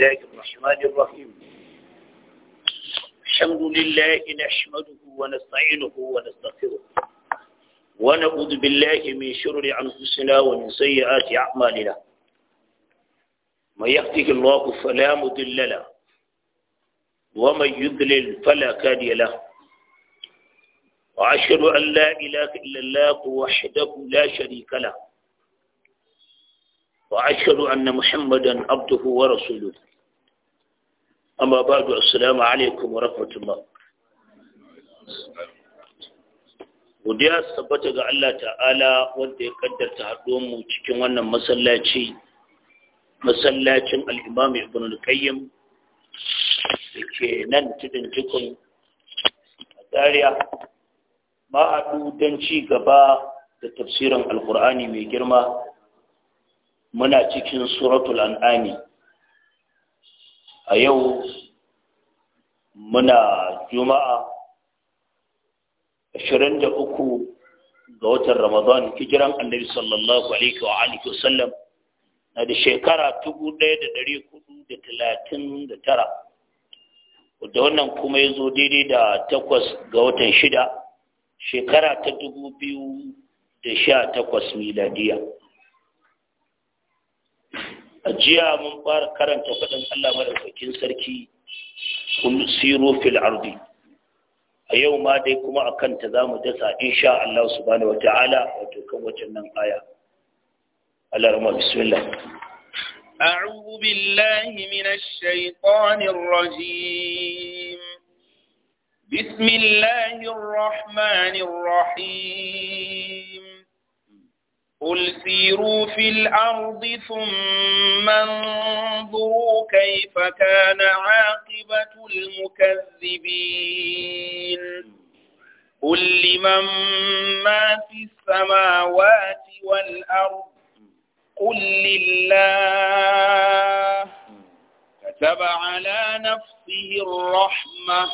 الله الرحمن الرحيم الحمد لله نحمده ونستعينه ونستغفره ونعوذ بالله من شرور أنفسنا ومن سيئات أعمالنا من يهده الله فلا مضل له ومن يضلل فلا هادي له وأشهد أن لا إله إلا الله وحده لا شريك له وأشهد أن محمدا عبده ورسوله أما بعد السلام عليكم ورحمة الله godiya sabbata ga Allah ta'ala wanda ya kaddarta haɗuwar mu cikin wannan masallaci masallacin al-Imam Ibn al-Qayyim nan cikin tukun a Zaria ma haɗu don ci gaba da tafsirin Alƙur'ani mai girma muna cikin suratul an'ami a yau muna juma'a 23 ga watan ramadan kijiran annabi sallallahu alaihi wa alihi wasallam na da shekara 1439 wadda wannan kuma ya zo daidai da takwas ga watan shida shekara ta 2018 miladiya a jiya mun fara karanta faɗin Allah madaukakin sarki kun siro fil ardi a yau ma dai kuma a kanta za mu dasa insha Allah subhanahu wa ta'ala wato kan wajen nan aya Allah rama bismillah أعوذ بالله من الشيطان الرجيم بسم الله الرحمن الرحيم قل سيروا في الأرض ثم انظروا كيف كان عاقبة المكذبين قل لمن ما في السماوات والأرض قل لله كتب على نفسه الرحمه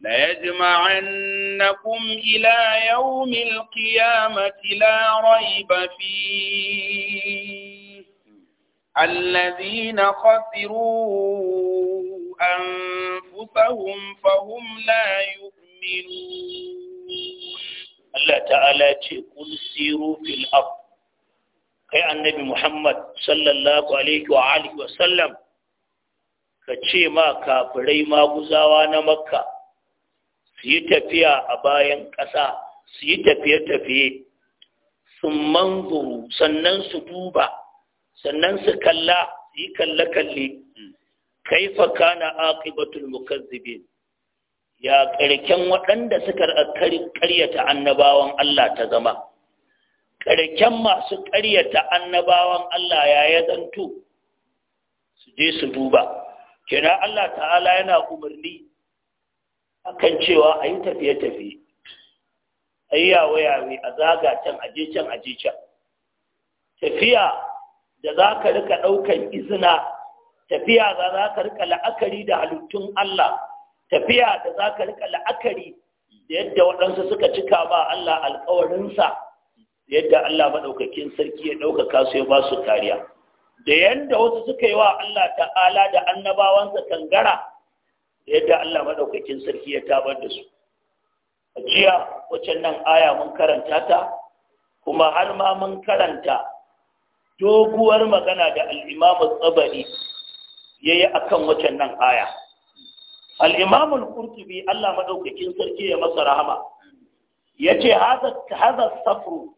ليجمعنكم إلى يوم القيامة لا ريب فيه الذين خسروا أنفسهم فهم لا يؤمنون الله تعالى تقول سيروا في الأرض كي النبي محمد صلى الله عليه وآله وسلم كشي ما كافري ما غزاوان مكه su yi tafiya a bayan ƙasa su yi tafiye-tafiye sun manzuru sannan su duba sannan su kalla su yi kalle-kalle Kai kaifa kana aqibatul mukazzibin ya ƙarƙen waɗanda suka ƙaryata annabawan Allah ta zama ƙarƙen masu ƙaryata annabawan Allah ya ya zanto su je su duba kira Allah ta'ala yana umarni akan cewa a yi tafiye-tafiye a yi yawo-yawo a zaga can aje can aje can tafiya da za ka rika ɗaukan izina tafiya da za ka rika la'akari da halittun Allah tafiya da za ka rika la'akari da yadda waɗansu suka cika ba Allah alkawarinsa yadda Allah maɗaukakin sarki ya ɗaukaka su ya ba su kariya da yadda wasu suka yi wa Allah ta'ala da annabawansa kangara yadda Allah madaukakin sarki ya tabar da su a jiya waccan nan aya mun karanta ta kuma har ma mun karanta doguwar magana da al-Imam Tsabari yayi akan waccan nan aya al-Imam Al-Qurtubi Allah madaukakin sarki ya masa rahama yace hadha hadha safru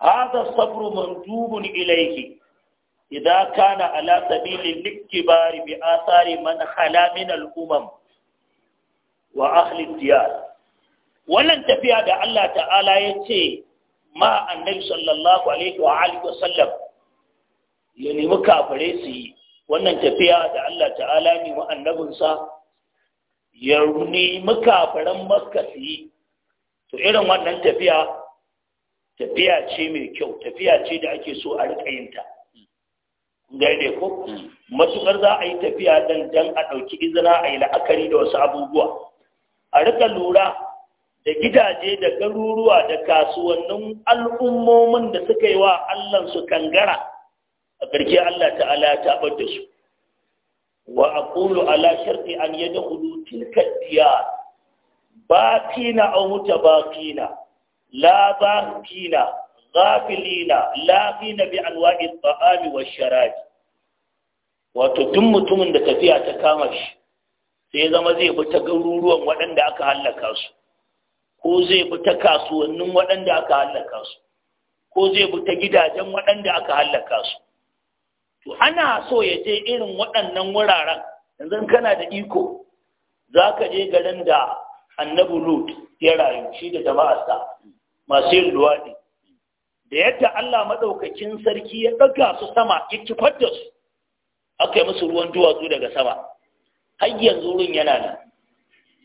hadha safru mandubun ilayhi idza kana ala sabili likbari bi athari man khala min wa ahli wannan tafiya da Allah ta'ala ya ce ma annabi sallallahu alaihi wa sallam ya nemi kafirai su yi wannan tafiya da Allah ta'ala ne wa annabinsa ya nemi kafiran makka su yi to irin wannan tafiya tafiya ce mai kyau tafiya ce da ake so a riƙa daidai ko hmm. matukar za a yi tafiya dan dan a ɗauki izina a yi la'akari da wasu abubuwa a rika lura da gidaje da garuruwa da kasuwannin al'ummomin da suka yi wa Allah su kangara a ƙarshe Allah ta'ala ta bar da su wa aqulu ala sharti an yadkhulu tilka diyar baqina aw mutabaqina la baqina غافلين laqina bi anwa'i at wato duk mutumin da tafiya ta kama shi sai ya zama zai bi ta garuruwan waɗanda aka hallaka su ko zai ta kasuwannin waɗanda aka hallaka su ko zai bi ta gidajen waɗanda aka hallaka su to ana so ya je irin waɗannan wuraren yanzu kana da iko za ka je garin da annabi lut ya rayu shi da jama'arsa masu yin luwaɗi da yadda Allah maɗaukakin sarki ya ɗaga su sama ya kifar da su aka yi musu ruwan duwatsu daga sama har yanzu wurin yana nan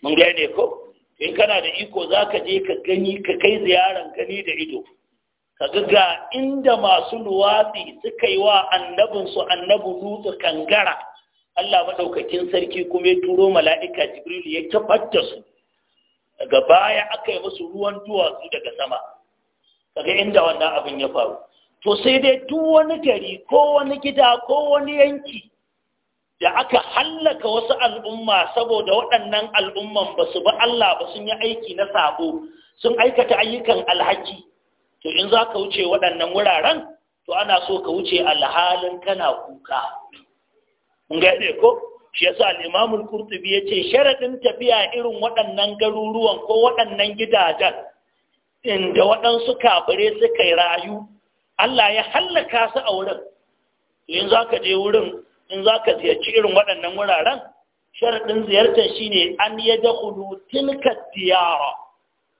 mun ne ko in kana da iko za ka je ka gani ka kai ziyarar gani da ido ka ga inda masu luwatsi suka yi wa annabinsu annabu nutsu kangara Allah maɗaukakin sarki kuma ya turo mala'ika jibril ya tabbatar su daga baya aka yi musu ruwan duwatsu daga sama kaga inda wannan abin ya faru to sai dai duk wani gari ko wani gida ko wani yanki da aka hallaka wasu al'umma saboda waɗannan al'umman ba su ba Allah ba sun yi aiki na sabo sun aikata ayyukan alhaki to in za ka wuce waɗannan wuraren to ana so ka wuce alhalin kana kuka mun ga ko shi yasa al-Imam al-Qurtubi yace sharadin tafiya irin waɗannan garuruwan ko waɗannan gidajen inda waɗansu kafirai suka yi rayu Allah ya hallaka su a wurin in za ka je wurin in za ka ziyarci irin waɗannan wuraren sharaɗin ziyartar shi ne an ya da hudu tilka diyara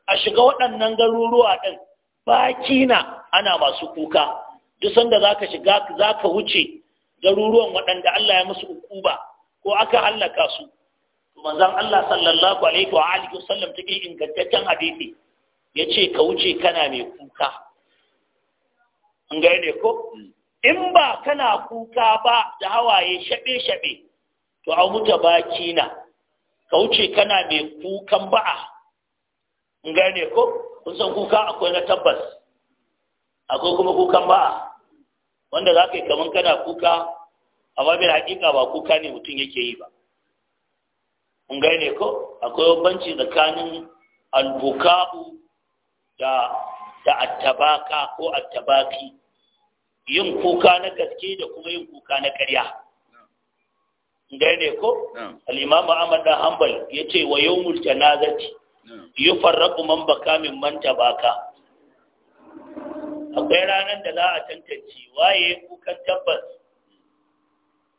a shiga waɗannan garuruwa ɗin baki na ana masu kuka duk sanda za ka shiga za ka wuce garuruwan waɗanda Allah ya musu ukuba ko aka hallaka su manzon Allah sallallahu alaihi wa alihi wasallam take ingantaccen hadisi ya ce ka wuce kana mai kuka an gane ko in ba kana kuka ba da hawaye shaɓe-shaɓe to a wuta baki na ka wuce kana mai kukan ba'a in gane ko kun san kuka akwai na tabbas akwai kuma kukan ba'a wanda za ka yi kamar kana kuka amma bai haƙiƙa ba kuka ne mutum yake yi ba in gane ko akwai banci tsakanin albuka'u da da attabaka ko attabaki yin kuka na gaske da kuma yin kuka na ƙarya ne ko al-imam Ahmad da Hanbal yace wa yawmul janazati yufarraqu man baka min man tabaka akwai ranar da za a tantance waye kukan tabbas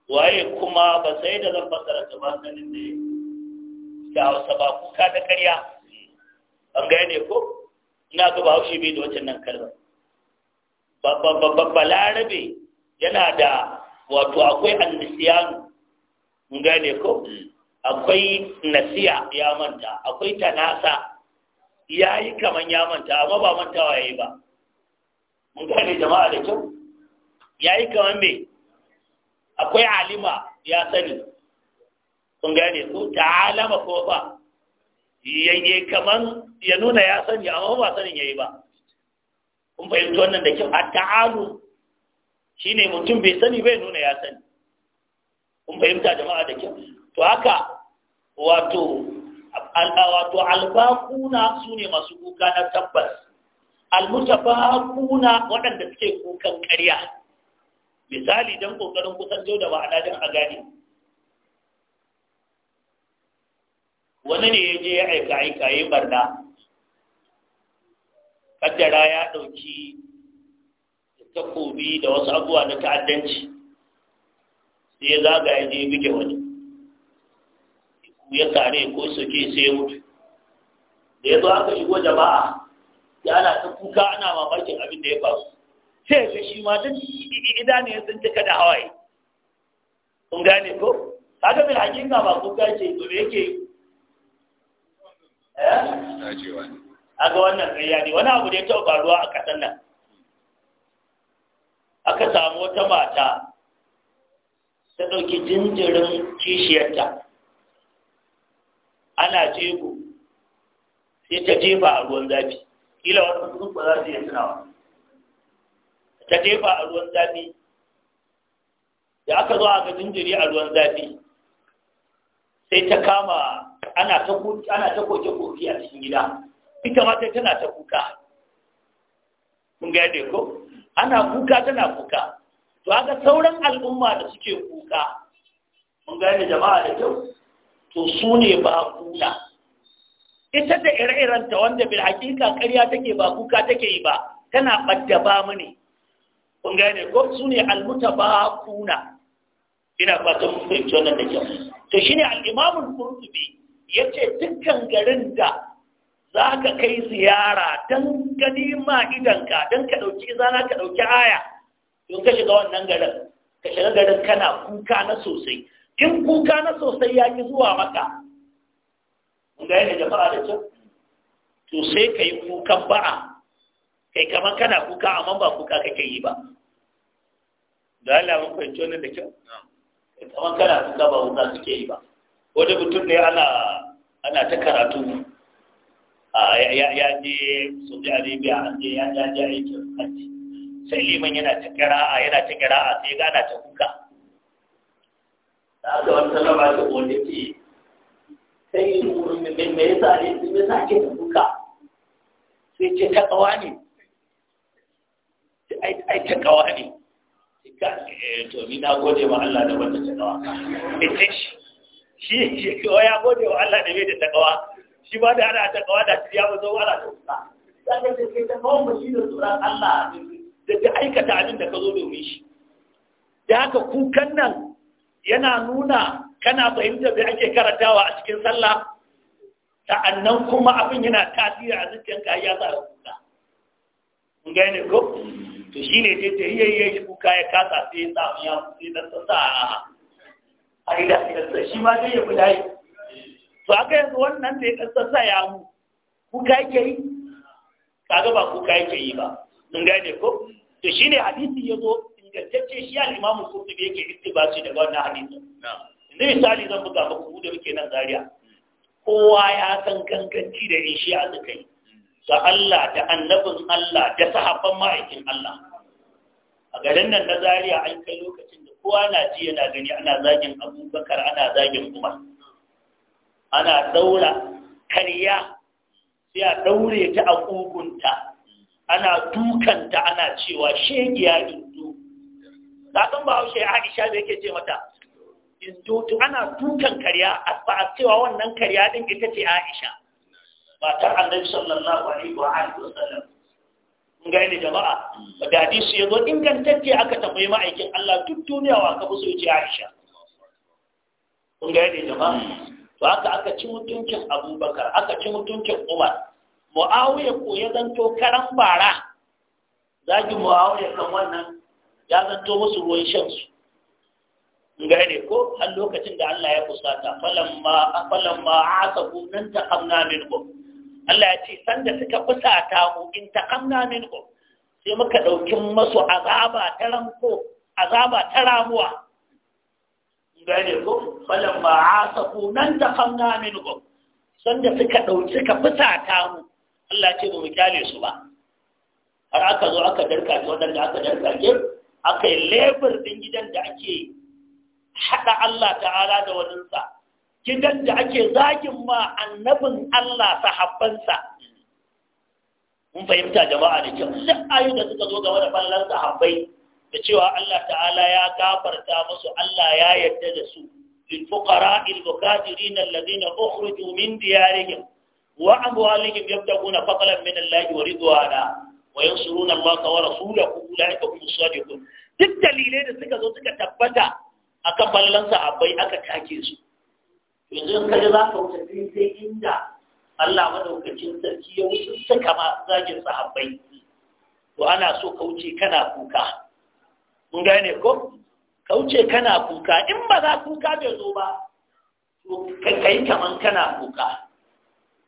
waye kuma ba sai da zan fasara ta ba sanin da da Hausa ba kuka da ƙarya an gane ko ina ga bahaushe bai da wancan nan kalmar larabe yana da wato akwai annisiyanu mun gane ko akwai nasiya ya manta akwai tanasa ya yi kaman ya manta amma ba mantawa ya yi ba mun gane jama'a da kyau ya yi kaman me akwai alima ya sani kun gane ko ta'alama ko ba yayye kaman ya nuna ya sani amma ba sanin yayi ba kun fahimci wannan da kyau a ta'alu shine mutum bai sani bai nuna ya sani kun fahimta jama'a da kyau to haka wato wato albaquna sune masu kuka na tabbas almutafaquna waɗanda suke kukan ƙarya misali dan kokarin jau da ma'ana din a gane wani ne ya je ya aika aika yi barna kaddara ya ɗauki takobi da wasu abuwa na ta'addanci sai ya zagaya ne buge wani ya kare ko soke sai mutu da ya zo aka shigo jama'a ya ana ta kuka ana mamakin abin da ya faru sai ga shi ma duk idan ya sun cika da hawaye sun gane ko kaga bil hakika ba kuka ce to me yake eh? ga wannan gayya ne wani abu da ya taɓa faruwa a ƙasar nan aka samu wata mata ta ɗauki jinjirin kishiyarta ana jego sai ta jefa a ruwan zafi kila wata sun ba za su iya tunawa ta jefa a ruwan zafi da aka zo aka jinjiri a ruwan zafi sai ta kama ana ta koke-koke a cikin gida ita ma sai tana ta kuka kun gane ko ana kuka tana kuka to haka sauran al'umma da suke kuka mun gane jama'a da kyau to su ne ba kuna ita da ire-irenta wanda bil hakika ƙarya take ba kuka take yi ba tana ɓadda ba mu ne kun gane ko su ne almuta ba kuna ina fatan mun fahimci wannan da kyau to shine al al qurtubi yace dukkan garin da za ka kai ziyara don gani ma idanka don ka ɗauki zana ka ɗauki aya don ka shiga wannan garin ka shiga garin kana kuka na sosai in kuka na sosai ya ki zuwa maka mun da yadda jama'a da can to sai ka yi kukan ba'a kai kamar kana kuka amma ba kuka kake yi ba da Allah mun fahimci wannan da kyau kai kamar kana kuka ba kuka suke yi ba wani mutum ne ana ana ta karatu ya je saudi arabia an je ya je aikin hajji sai liman yana ta kira'a yana ta kira'a sai gana ta kuka da aka wani sallama ta wanda ce sai me yasa ne me yasa ke ta kuka sai ce ta kawa ne ai ta kawa ne to ni na gode wa Allah da wanda ta kawa ita shi shi ya gode wa Allah da bai da ta kawa shi ba da ana takawa da shi ya zo da tausa sai da ke kai ta kawo mu shi da tsoron Allah da ta aikata abin da ka zo domin shi da haka kukan nan yana nuna kana fahimtar da ake karatawa a cikin sallah sa'annan kuma abin yana tasiri a zuciyar ka ya sa kuka mun ne ko to shi ne ta yi yayi kuka ya kasa sai ya sa ya sai da sa a ida shi ma dai ya kula to aka yanzu wannan da ya kasasa ya mu kuka yake yi kaga ba kuka yake yi ba mun gane ko to shine hadisi zo ingantacce shi al-Imam da yake ittibasi da wannan hadisi ne misali zan buga muku da muke nan Zariya. kowa ya san kankanci da in shi a kai da Allah da annabin Allah da sahabban ma'aikin Allah a garin nan na Zariya an kai lokacin da kowa na ji yana gani ana zagin Abubakar ana zagin Umar ana daura karya sai a daure ta a kugunta ana dukanta ana cewa shegiya indo zaɓen ba haushe aisha da yake ce mata indo to ana dukan karya a ba a cewa wannan karya din ita ce aisha matar annabi sallallahu alaihi wa alihi wasallam mun ga ne jama'a da hadisi yazo ingantacce aka tambayi ma'aikin Allah duk duniya wa ka buso ce aisha mun ga ne jama'a ba haka aka ci mutuncin abubakar aka ci mutuncin umar mu'awiya ko ya zanto karan bara zagin mu'awiya kan wannan ya zanto musu ruwan shansu gane ko har lokacin da Allah ya kusata falamma falamma asabu nan taqamna ko? Allah ya ce sanda suka kusata mu in taqamna ko. sai muka dauki masu azaba ta ranko azaba ta ramuwa gane ko falan ba asafu nan ta kanna min ko sanda suka dauki suka fusata mu Allah ce ba mu kyale su ba har aka zo aka darka ta wadanda aka darka ke aka yi lebur din gidan da ake hada Allah ta'ala da wadansa, gidan da ake zagin ma annabin Allah sahabbansa mun fahimta jama'a da kyau duk ayyuka suka zo ga wannan ballan sahabbai da cewa Allah ta'ala ya gafarta musu Allah ya yarda da su lil fuqara al muhajirin alladhina ukhriju min diyarihim wa amwalihim yabtaguna faqlan min Allah wa ridwana wa yansuruna Allah wa rasulahu ulaika hum sadiqun duk dalilai da suka zo suka tabbata akan ballan sahabbai aka take su yanzu in kaje za ka wuce sai inda Allah madaukakin sarki ya wuce suka ma zagin sahabbai to ana so kauce kana kuka mun gane ko kauce kana kuka in ba za kuka bai zo ba to kai kaman kana kuka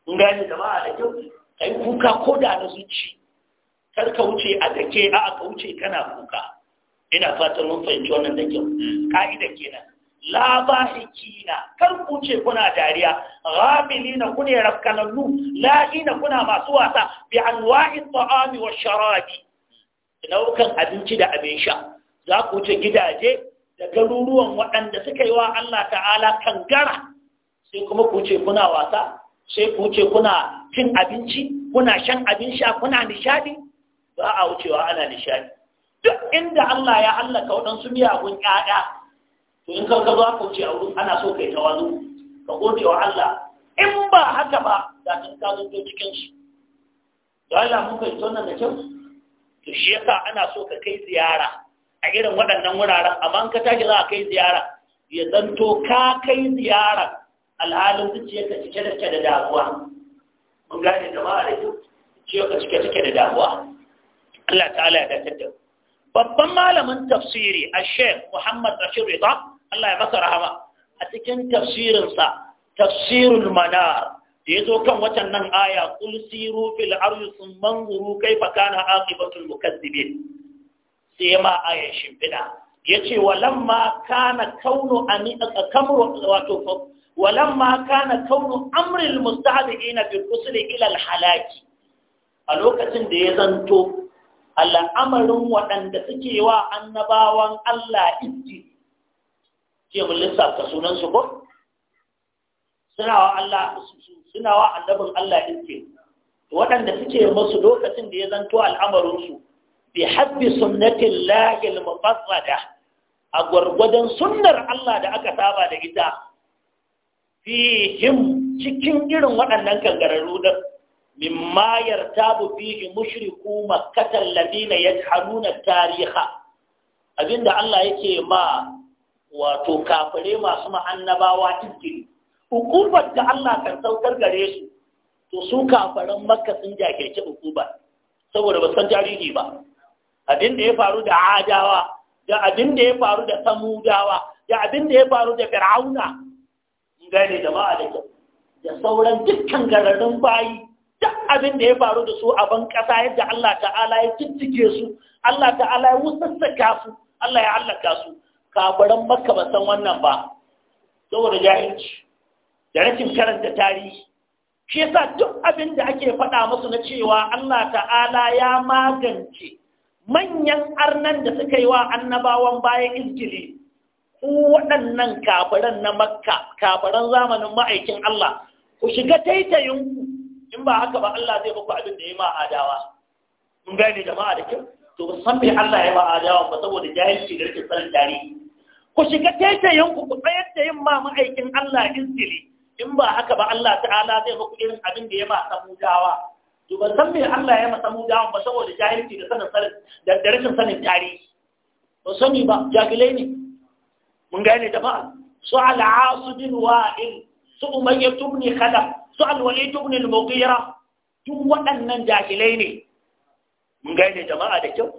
mun gane jama'a da kyau kai kuka ko da na zuci kar ka wuce a take a ka wuce kana kuka ina fatan mun fahimci wannan da kyau ka'ida kenan la bahikina kar ku ce kuna dariya ghamilina kune rafkanallu la'ina kuna masu wasa bi anwa'i ta'ami wa sharabi nau'ukan abinci da abin sha za ku wuce gidaje da garuruwan waɗanda suka yi wa Allah ta'ala kangara sai kuma ku ce kuna wasa sai ku ce kuna cin abinci kuna shan abin sha kuna nishadi ba a wucewa ana nishadi duk inda Allah ya hallaka waɗansu miyagun ƴaƴa to in ka zo ku wuce a wurin ana so kai tawazu ka gode wa Allah in ba haka ba da ka ka zo cikin su da Allah mun kai tona da kyau to shi yasa ana so ka kai ziyara a irin waɗannan wuraren amma ka tashi za a kai ziyara ya zanto ka kai ziyara alhalin ka cike da cike da damuwa mun gane jama'a da kyau ka cike cike da damuwa Allah ta'ala ya dace da babban malamin tafsiri a shek Muhammad Bashir Rida Allah ya masa rahama a cikin tafsirinsa tafsirul manar da ya zo kan watan nan aya kul siru fil ardi sun manzuru kaifa kana aqibatul mukazzibin sai ma ayan shimfiɗa ya ce walamma kana kaunu ami kamru wato walamma kana kaunu amril mustahdiina fi usul ila ilal halaki a lokacin da ya zanto al'amarin waɗanda suke wa annabawan Allah inji ke mun lissafta sunansu ko suna wa Allah suna wa annabin Allah inji waɗanda suke musu lokacin da ya zanto al'amarin su? bi habbi sunnatin lahil mufassada a gwargwadon sunnar Allah da aka saba da ita fihim cikin irin waɗannan kangararru din mimma yartabu fihi mushriku lamina alladhina yajhaluna tariha abinda Allah yake ma wato kafare masu ma'annabawa tikkiri hukumar da Allah kan saukar gare su to su kafaran makka sun jahilci saboda ba san tarihi ba abin da ya faru da adawa da abin da ya faru da samudawa da abin da ya faru da fir'auna gane da kyau da sauran dukkan gararin bayi duk abin da ya faru da su a ban kasa yadda Allah ta'ala ya tittike su Allah ta'ala ya wusassaka su Allah ya halaka su kabaran makka ba san wannan ba saboda jahilci da rashin karanta tarihi shi yasa duk abin da ake faɗa musu na cewa Allah ta'ala ya magance manyan arnan da suka yi wa annabawan bayan izgili ku waɗannan kafiran na makka kafiran zamanin ma'aikin Allah ku shiga ku in ba haka ba Allah zai muku abin da ya ma adawa mun gane jama'a da kyau to ba san me Allah ya ma adawa ba saboda jahilci da rikin tsarin tarihi ku shiga taitayin ku tsayar da yin ma ma'aikin Allah izgili in ba haka ba Allah ta'ala zai muku irin abin da ya ma samudawa to ban san me Allah ya masa mu dawon ba saboda jahilci da sanin sanin da rashin sanin tarihi ba sani ba jahilai ne mun gane da ba su al'asu bin wa'il su umayya tubni khalaf su alwali tubni al-mughira duk waɗannan jahilai ne mun gane jama'a da kyau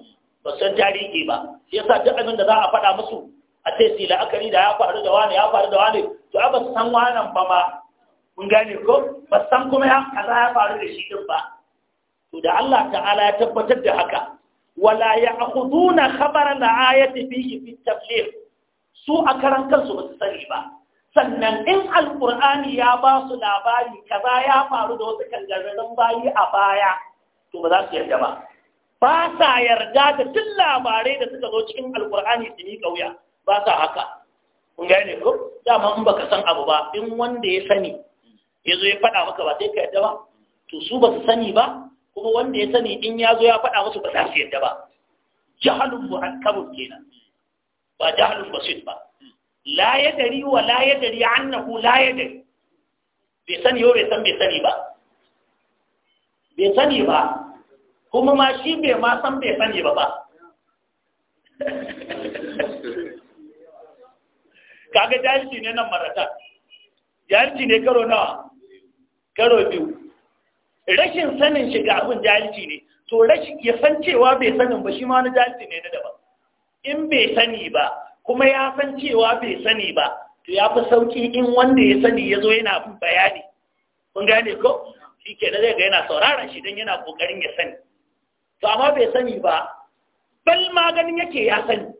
ba san tarihi ba shi yasa duk abin da za a faɗa musu a ce su la'akari da ya faru da wani ya faru da wani to a ba san wannan ba ma mun gane ko ba san kuma ya kaza ya faru da shi din ba to da Allah ta'ala ya tabbatar da haka wala ya'khuduna khabara al-ayati fihi fi tafsir su a karan kansu ba su sani ba sannan in alqur'ani ya ba su labari kaza ya faru da wasu kangararrun bayi a baya to ba za su yarda ba ba sa yarda da duk labarai da suka zo cikin alqur'ani su ni kauya ba sa haka kun gane ko dama in baka san abu ba in wanda ya sani ya zo ya faɗa maka ba sai ka yarda ba to su ba su sani ba kuma wanda ya sani in ya zo ya faɗa musu ba za su yadda ba jahalun muhakkabun kenan ba jahalun basit ba la ya dari wa la ya dari annahu la ya dari bai sani yau bai san bai sani ba bai sani ba kuma ma shi bai ma san bai sani ba ba kaga jahilci ne nan marata jahilci ne karo nawa karo biyu rashin sanin shiga abin jahilci ne to rashin ya san cewa bai sanin ba shi ma wani jahilci ne na daban in bai sani ba kuma ya san cewa bai sani ba to ya fi sauki in wanda ya sani ya zo yana bin bayani kun gane ko shi ke da zai ga yana saurara shi don yana kokarin ya sani to amma bai sani ba bal ma ganin yake ya sani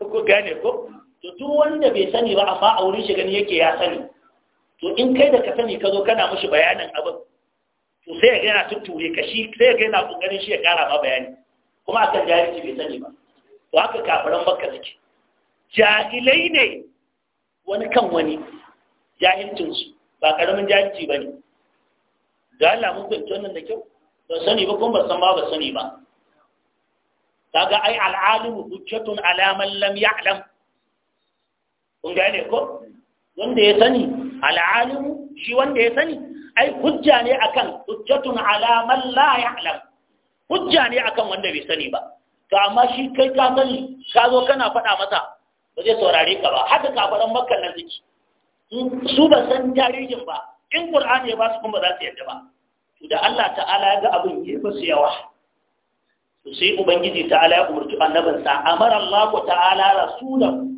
ku gane ko to duk wanda bai sani ba amma a wurin shi gani yake ya sani to in kai da ka sani ka zo kana mushi bayanin abin to sai ya gina yana tutture ka shi sai ya gina yana kokarin shi ya kara ma bayani kuma akan jahilci bai sani ba to haka kafiran makka suke jahilai ne wani kan wani jahilcinsu ba karamin jahilci ba ne da Allah mun fahimci wannan da kyau ba sani ba kuma ba san ba ba sani ba kaga ai al'alimu hujjatun ala man lam ya'lam kun gane ko wanda ya sani al'alimu shi wanda ya sani ai hujja ne akan hujjatun alamar laye alam hujja ne akan wanda bai sani ba to amma shi kai ka sani ka zo kana faɗa masa ba zai saurare ka ba haka kafaran makkan nan ziki su ba san tarihin ba in ƙur'ani ya ba su kuma za su yadda ba to da Allah ta'ala ya ga abin ya fasu yawa to sai ubangiji ta'ala ya umarci annabinsa amara Allah ta'ala rasulahu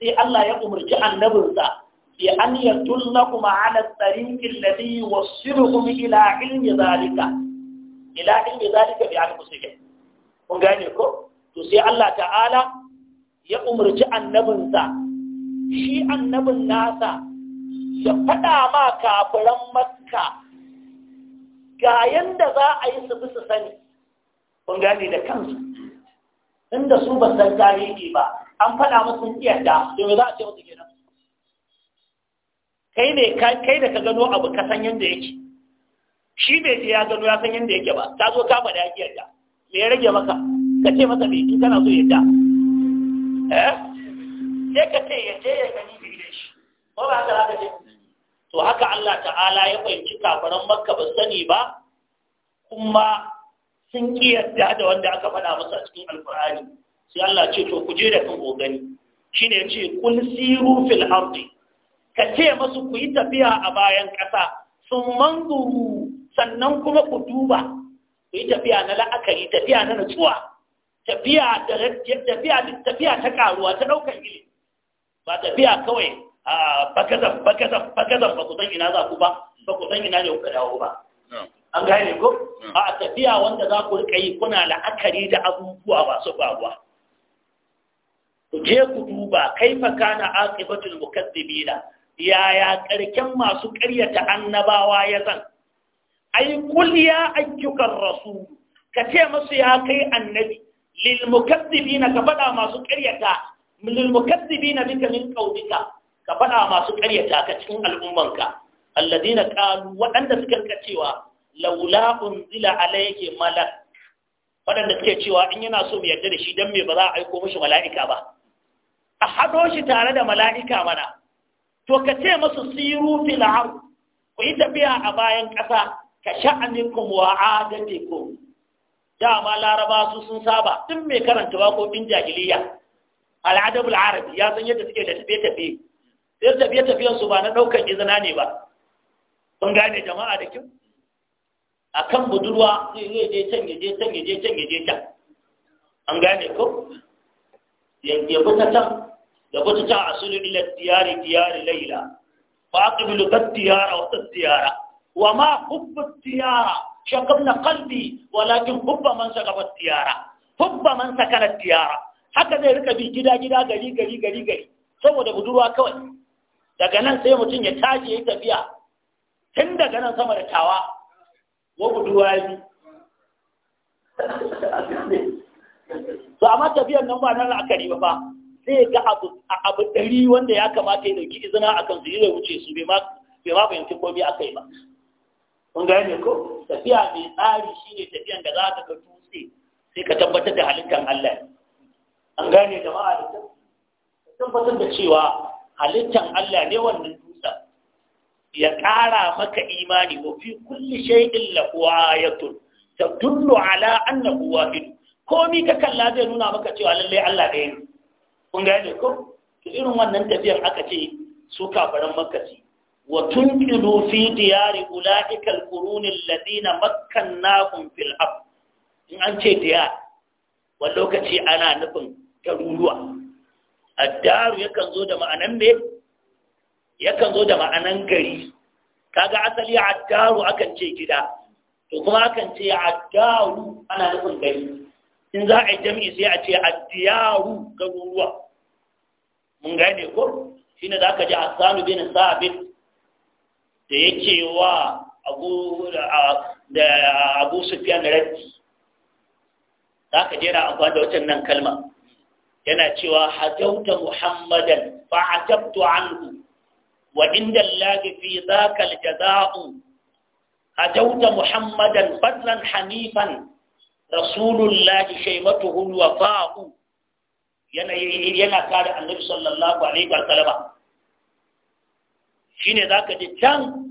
sai Allah ya umarci annabinsa بأن يدلهم على الطريق الذي يوصلهم إلى علم ذلك إلى علم ذلك بعلم سجن kun gane ko to sai Allah ta'ala ya umarci annabinsa shi annabin nasa ya faɗa ma kafiran makka ga yanda za a yi su bi su sani kun gane da kansu inda su ba san tarihi ba an faɗa musu yadda to za a ce musu kenan kai ne kai da ka gano abu ka san yadda yake shi bai ce ya gano ya san yadda yake ba ta zo ka faɗi ake da. me ya rage maka ka ce masa me in kana so yarda eh sai ka ce ya je ya gani bi da shi ko ba haka zaka ce to haka Allah ta'ala ya fahimci kafaran Makka ba sani ba kuma sun ki yarda da wanda aka faɗa masa cikin alkur'ani sai Allah ce to ku je da kan gogani shine ya ce kun siru fil ardi ka ce masu ku yi tafiya a bayan ƙasa sun manguru sannan kuma ku duba ku yi tafiya na la'akari tafiya na natsuwa tafiya ta ƙaruwa ta ɗaukar ilimi ba tafiya kawai bakazan bakazan bakazan ba ku san ina za ku ba ba ku san ina ne ku dawo ba an gane ko a tafiya wanda za ku rika yi kuna la'akari da abubuwa masu faruwa ku je ku duba kaifa kana aqibatul mukazzibina yaya ƙarken masu ƙaryata annabawa ya san ai kul ya ayyukan rasul ka ce masu ya kai annabi lil mukaththibina ka faɗa masu ƙaryata lil mukaththibina bika min qawlika ka faɗa masu ƙaryata ka cikin al'ummanka alladina qalu waɗanda suka rika cewa laula unzila alayhi malak waɗanda suke cewa in yana so mu yarda da shi dan me ba za a aiko mishi mala'ika ba a hado shi tare da mala'ika mana to ka ce masu siru fil ard ku yi tafiya a bayan ƙasa ka sha'anikum wa adatikum dama laraba su sun saba tun mai karanta waƙoƙin jahiliya al'adabul arabi ya san yadda suke da tafiye-tafiye sai tafiye-tafiyen su ba na ɗaukar izina ne ba kun gane jama'a da kyau a kan budurwa zai je can ya je can ya je can ya je can an gane ko ya fita can da ba ta asulu ila tiyari tiyari laila fa aqbilu kad diyara wa tad diyara wa ma hubbu diyara shaqabna qalbi walakin hubba man shaqaba tiyara hubba man sakana tiyara haka zai rika bi gida gida gari gari gari gari saboda budurwa kawai daga nan sai mutum ya tashi ya tafiya tun daga nan sama da tawa wa budurwa ya bi to amma tafiyar nan ba na la'akari ba zai ga abu abu ɗari wanda ya kamata ya ɗauki izina a kan su yi wuce su bai ma fahimci komai a kai ba kun ga ne ko tafiya mai tsari shine tafiyan da za ka ga dutse sai ka tabbatar da halittar Allah an gane jama'a da ta tabbatar da cewa halittar Allah ne wannan dutsen ya ƙara maka imani wa fi kulli shay'in lahu ayatun tadullu ala annahu wahid komi ka kalla zai nuna maka cewa lallai Allah ɗaya ne kun yadda ko to irin wannan tafiyar aka ce su kafaran makka ce wa tunqidu fi diyari kurunin ladina alladhina makkannahum fil ard in an ce diyar wani lokaci ana nufin garuruwa addaru yakan zo da ma'anan me yakan zo da ma'anan gari kaga asali addaru akan ce gida to kuma akan ce addaru ana nufin gari in za a yi jami'i sai a ce addiyaru garuruwa mun gane ko shine da aka ji Hassan bin Sabit da yake wa Abu da Abu Sufyan raddi da aka jera a da wacce nan kalma yana cewa hajauta Muhammadan fa ajabtu anhu wa inda Allah fi dhaka jazau hajauta Muhammadan fadlan hanifan rasulullahi shaymatuhu al-wafa'u yana kare annabi sallallahu alaihi wa shine zaka ji can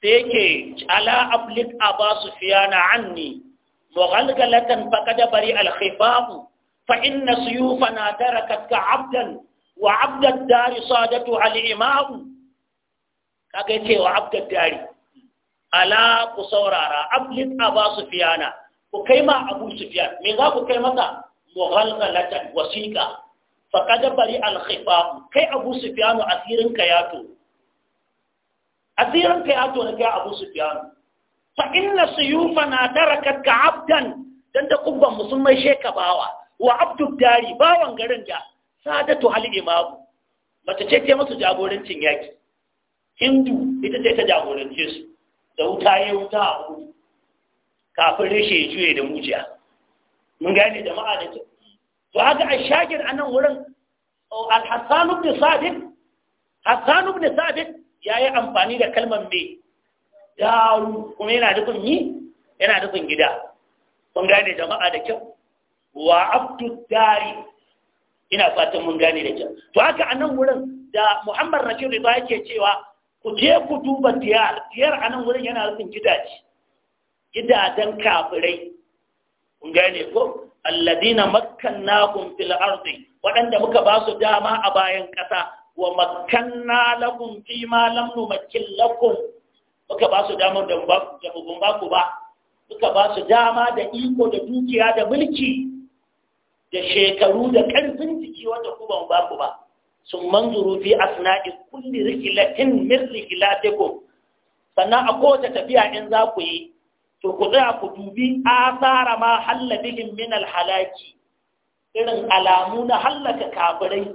sai yake ala ablik aba sufyana anni mughalghalatan faqad bari al khifaf fa inna suyufana tarakat ka abdan wa abdad dari sadatu al imam kaga yace wa abdad dari ala ku saurara ablik aba sufyana ku kai ma abu sufyan me za ku kai masa mughalghalatan wasiqa faqad bari al-khifa kai Abu Sufyan asirin ka yato asirin ka yato ne kai Abu Sufyan fa inna suyufana tarakat ka abdan dan da kubban musulmai sheka bawa wa abdu dari bawan garin da sadatu hal imamu mace ce ce musu jagorancin yaki hindu ita ce ta jagorance su da wuta ya wuta a kudu kafin rashe juye da mujiya mun gane jama'a da kyau to haka a shagir a nan wurin al-hassan ibn sabit hassan ibn sabit ya yi amfani da kalmar mai daru kuma yana dukun yi yana dukun gida mun gane jama'a da kyau wa abdu dari ina fatan mun gane da kyau to haka a nan wurin da muhammad rashid riba yake cewa ku je ku duba diyar diyar a nan wurin yana nufin gidaje gidajen kafirai gane ko alladina makkannakum fil ardi waɗanda muka ba su dama a bayan ƙasa wa makkanna lakum fi ma lam numakkin lakum muka ba su dama da ba ku ba muka ba su dama da iko da dukiya da mulki da shekaru da ƙarfin jiki wanda ku ban ba ku ba sun manzuru fi asna'i kulli rikilatin min rikilatikum sannan a kowace tafiya in za ku yi to ku tsaya ku dubi asara ma halla bihim min alhalaki irin alamu na hallaka kafirai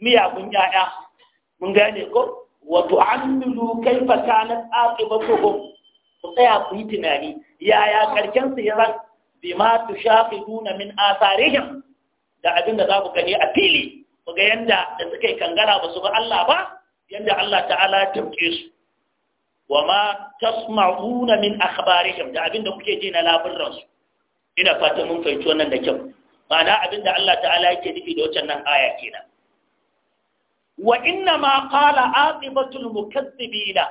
miyagun yaya mun gane ko wa tu'ammilu kaifa kanat aqibatuhum ku tsaya ku yi tunani yaya karken su yaran shafi tushaqiduna min asarihim da abin da za ku gani a fili ku ga yanda da suka yi kangara ba su ga Allah ba yanda Allah ta'ala ya tabke su wa ma tasma'una min akhbarihim da abinda kuke ji na labarin su ina fata mun fahimci wannan da kyau ma'ana abinda Allah ta'ala yake nufi da wannan nan aya kenan wa inna ma qala aqibatul mukazzibina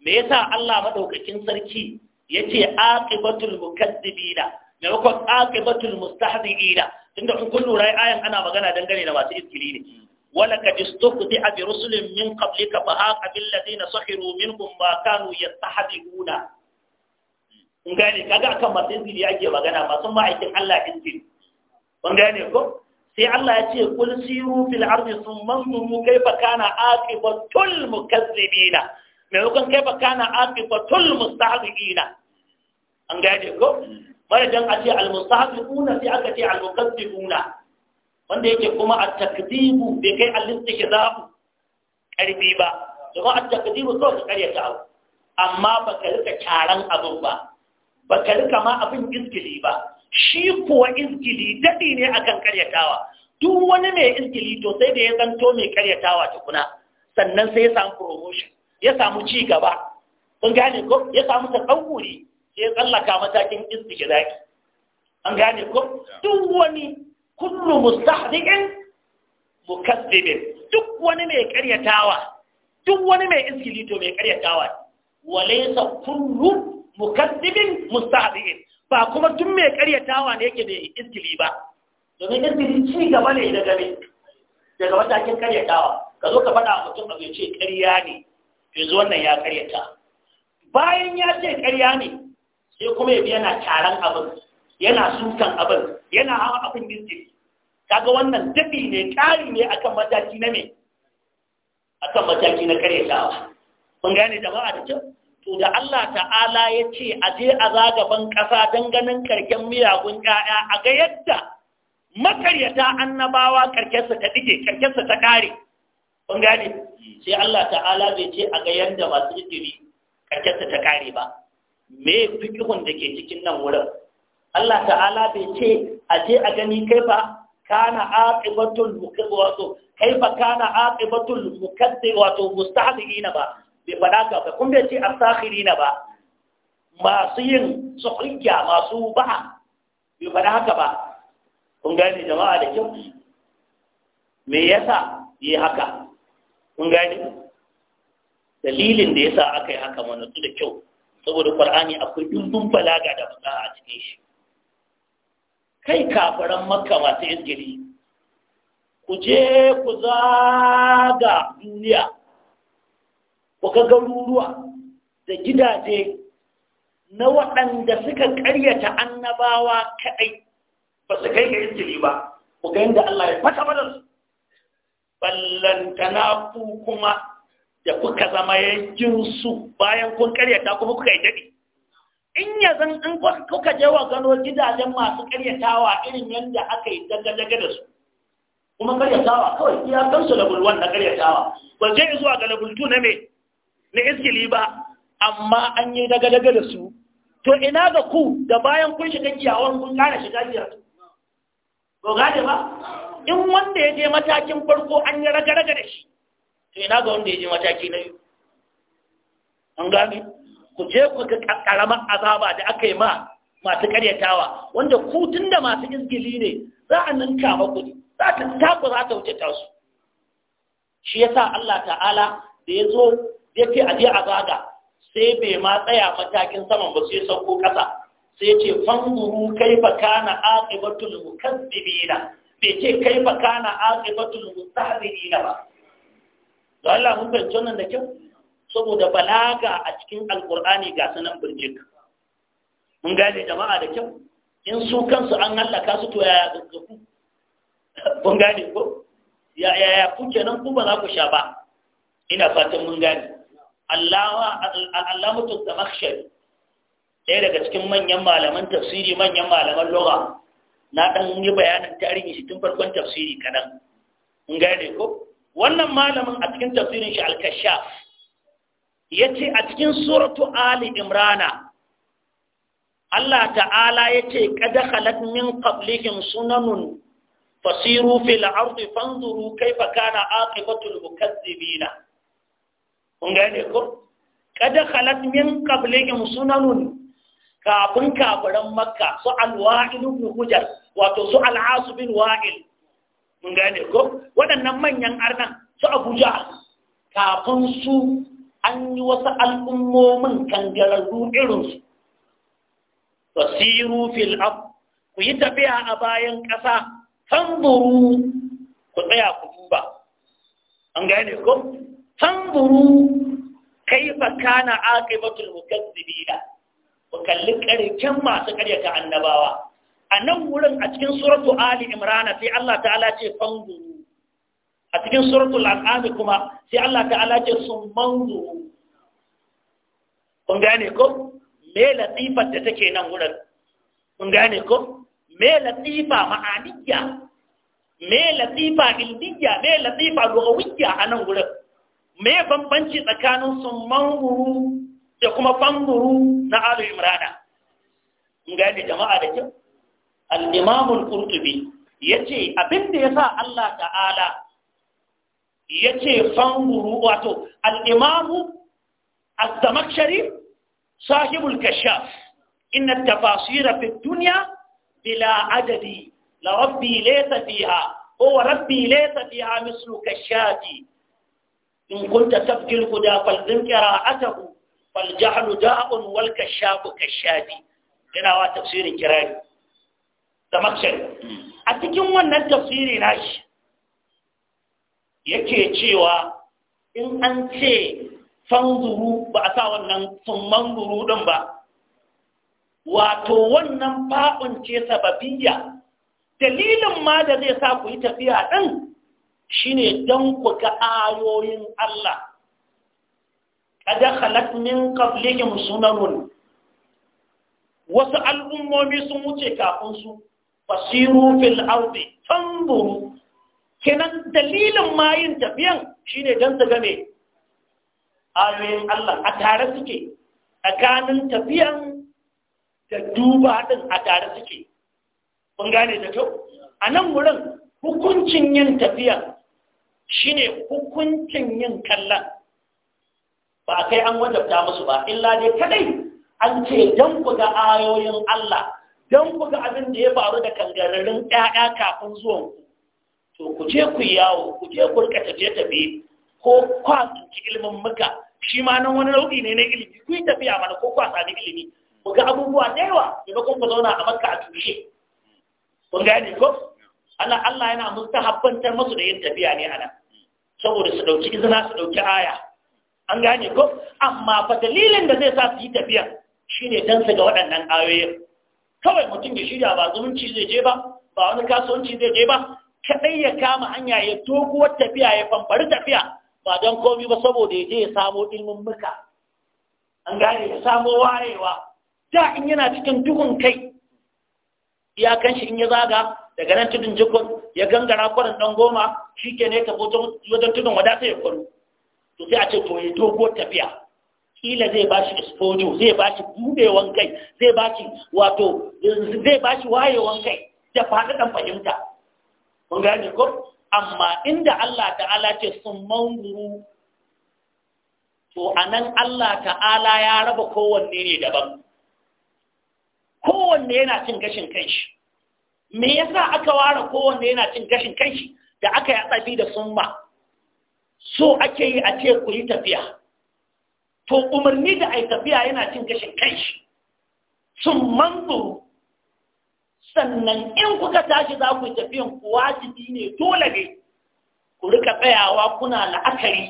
me yasa Allah madaukakin sarki yace aqibatul mukazzibina maimakon aqibatul mustahzi'ina tunda in kun lura ayan ana magana dangane da masu iskili ne ولقد استهزئ برسل من قبلك فهاق بالذين سخروا منهم ما كانوا يستحذرون kun gane kaga akan masu izgili ake magana masu ma'aikin Allah izgili kun gane ko sai Allah ya ce kul siru fil ardi thumma anzuru kayfa kana aqibatul mukazzibina maimakon kayfa kana aqibatul mustahzi'ina an gane ko marajan a ce al mustahzi'una sai aka ce al mukazzibuna wanda yake kuma a takdibu bai kai alisti ke zafi ƙarfi ba domin a takdibu kawai ka karya ta amma ba ka rika caran abin ba ba ka rika ma abin izgili ba shi kuwa izgili daɗi ne akan karyatawa duk wani mai izgili to sai da ya zanto mai karyatawa tukuna sannan sai ya samu promotion ya samu ci gaba kun gane ko ya samu tasawuri sai ya tsallaka matakin izgili zaki an gane ko duk wani kullu mustahdiqin mukaththibin duk wani mai karyatawa duk wani mai iskilito mai karyatawa walaysa kullu mukaththibin mustahdiqin ba kuma duk mai karyatawa ne yake da iskili ba domin iskili ci gaba ne daga ne daga matakin karyatawa ka zo ka faɗa mutum a ce karya ne yanzu wannan ya karyata bayan ya ce karya ne sai kuma ya biya na taron abin yana sukan abin yana hawa abin iskili kaga wannan tafi ne ƙari ne akan mataki na me akan mataki na karyatawa mun gane jama'a da kyau to da Allah ta'ala ya ce a je a zagaban ƙasa don ganin karken miyagun ƙaya a ga yadda makaryata annabawa karkensa ta ɗige karkensa ta ƙare Mun gane sai Allah ta'ala bai ce a ga yadda masu hijiri karkensa ta ƙare ba me fikihun da ke cikin nan wurin Allah ta'ala bai ce a je a gani kai ba kana aqibatul mukazzib wato kaifa kana aqibatul mukazzib wato mustahdina ba bai fada ka ba kun bai ce asakhirina ba masu yin sukhriya masu ba. bai fada haka ba kun gane jama'a da kyau me yasa yi haka kun gane dalilin da yasa aka yi haka mana da kyau saboda qur'ani akwai dundun balaga da fasaha a cikin shi kai kafiran makka masu izgiri ku je ku zaga duniya ku ga garuruwa da gidaje na waɗanda suka ƙaryata annabawa kaɗai ba su kai ga izgiri ba ku ga yadda Allah ya fata mana su na ku kuma da kuka zama yankinsu bayan kun ƙaryata kuma kuka yi daɗi in ya zan in kuka je wa gano gidajen masu karyatawa irin yadda aka yi daga-daga da su kuma karyatawa kawai iya kansu bulwan na karyatawa ba zai zuwa ga labultu na me na iskili ba amma an yi daga-daga da su to ina ga ku da bayan kun shiga giyawar kun kara shiga giyar ko gane ba in wanda ya je matakin farko an yi raga-raga da shi to ina ga wanda ya je mataki na biyu an gane ku je ku ga ƙaramar azaba da aka yi ma masu karyatawa wanda kutun da masu izgili ne za a ninka ku za ta taku za ta wuce tasu shi yasa Allah ta'ala da ya zo ya ce a je a zaga sai bai ma tsaya matakin saman ba sai sauko ƙasa sai ce fanzuru kaifa kana aqibatul mukazzibina bai ce kaifa kana aqibatul mustahzirina ba Allah mun fahimci wannan da kyau saboda balaga a cikin alkur'ani ga sanan birjik mun gane jama'a da kyau in su kansu an hallaka su to yaya zazzabu mun gane ko yaya kuke nan ba za ku sha ba ina fatan mun gane da makshar ɗaya daga cikin manyan malaman tafsiri manyan malaman lugha na ɗan yi bayanin tarihi shi tun farkon tafsiri kaɗan mun gane ko wannan malamin a cikin tafsirin shi al-kashaf ya ce a cikin suratu Ali Imrana, Allah ta'ala ya ce, Kada halak min qablihim sunanun fasiru fil ardi fanzuru kaifa kana aqibatul mukazzibina. Kun ne ko? Kada halat min qablihim sunanun kafin kafiran Makka su alwa'il ibn Hujar wato su al'asu bin wa'il. Mun ne ko? Waɗannan manyan arnan su Abuja kafin su an yi wasu al'ummomin kangararru irinsu yi fil ab ku yi tafiya a bayan ƙasa tamburu ku tsaya ku duba an gane ko tamburu kaifa kana aqibatul zibida ku kalli ƙarken masu ƙaryata annabawa a nan wurin a cikin suratu ali imrana sai Allah ta'ala ce fanguru a cikin suratul al'ami kuma sai Allah ta alaƙe sun manzu kun gane ko me latifar da take nan wurin kun gane ko me latifa ma'aniyya me latifa ilmiyya me latifa lugawiyya a nan wurin me bambanci tsakanin sun manzu da kuma fanguru na alu imrana kun gane jama'a da kyau al-imamul qurtubi yace abinda yasa Allah ta'ala ya ce fanguru wato al'imamu a al-zamakshari sahibul kashaf inna tafasira fi duniya bila adadi la rabbi laysa fiha huwa rabbi laysa fiha mislu kashafi in kunta tabgil huda fal dinkara atahu fal jahlu da'un wal kashafu kashafi yana wa tafsirin kirari zamakshari a cikin wannan tafsiri shi. yake cewa in an ce fanzuru ba a sa wannan summan zuru ɗin ba wato wannan fa'un ce sababiyya dalilin ma da zai sa ku yi tafiya ɗin shine don ku ga ayoyin Allah kada khalat min qablihim sunanun wasu al'ummomi sun wuce kafin su fasiru fil ardi fanzuru kenan dalilin ma yin tafiyan shine don su game ayoyin Allah a tare suke tsakanin tafiyan da duba din a tare suke kun gane da kyau a nan wurin hukuncin yin tafiyan shine hukuncin yin kallon ba a kai an wajabta musu ba illa dai kadai an ce don ku ga ayoyin Allah don ku ga abin da ya faru da kangararrun 'ya'ya kafin zuwan to ku je ku yawo ku je ku rika tafiye tafiye ko kwasanci ilimin muka shi ma nan wani nau'i ne na ilimi ku yi tafiya mana ko kwasa sami ilimi ku ga abubuwa da yawa da kun ku zauna a makka a tushe kun gane ko Allah Allah yana mustahabbantar musu da yin tafiya ne anan saboda su ɗauki izina su ɗauki aya an gane ko amma fa dalilin da zai sa su yi tafiya shine dan su ga waɗannan ayoyin kawai mutum ya shirya ba zumunci zai je ba ba wani kasuwanci zai je ba kadai ya kama hanya ya toguwar tafiya ya fanfari tafiya ba don komi ba saboda ya je ya samo ilmin muka an gane ya samo wayewa da in yana cikin duhun kai kan shi in ya zaga daga nan tudun jikon ya gangara kwarin ɗan goma shi ke ne ta foto wajen tudun wadata ya kwaro to sai a ce to ya dogo tafiya kila zai ba shi exposure zai ba shi budewan kai zai ba shi wato zai ba shi wayewan kai da faɗaɗan fahimta kun gane ko amma inda Allah ta'ala ce sun manguru to anan Allah ta'ala ya raba kowanne ne daban kowanne yana cin gashin kanshi me yasa aka ware kowanne yana cin gashin kanshi da aka yi tsabi da summa so ake yi a ce ku yi tafiya to umarni da ai tafiya yana cin gashin kanshi sun manguru. sannan in kuka tashi za ku tafiyan ku wajibi ne dole ne ku rika tsayawa kuna la'akari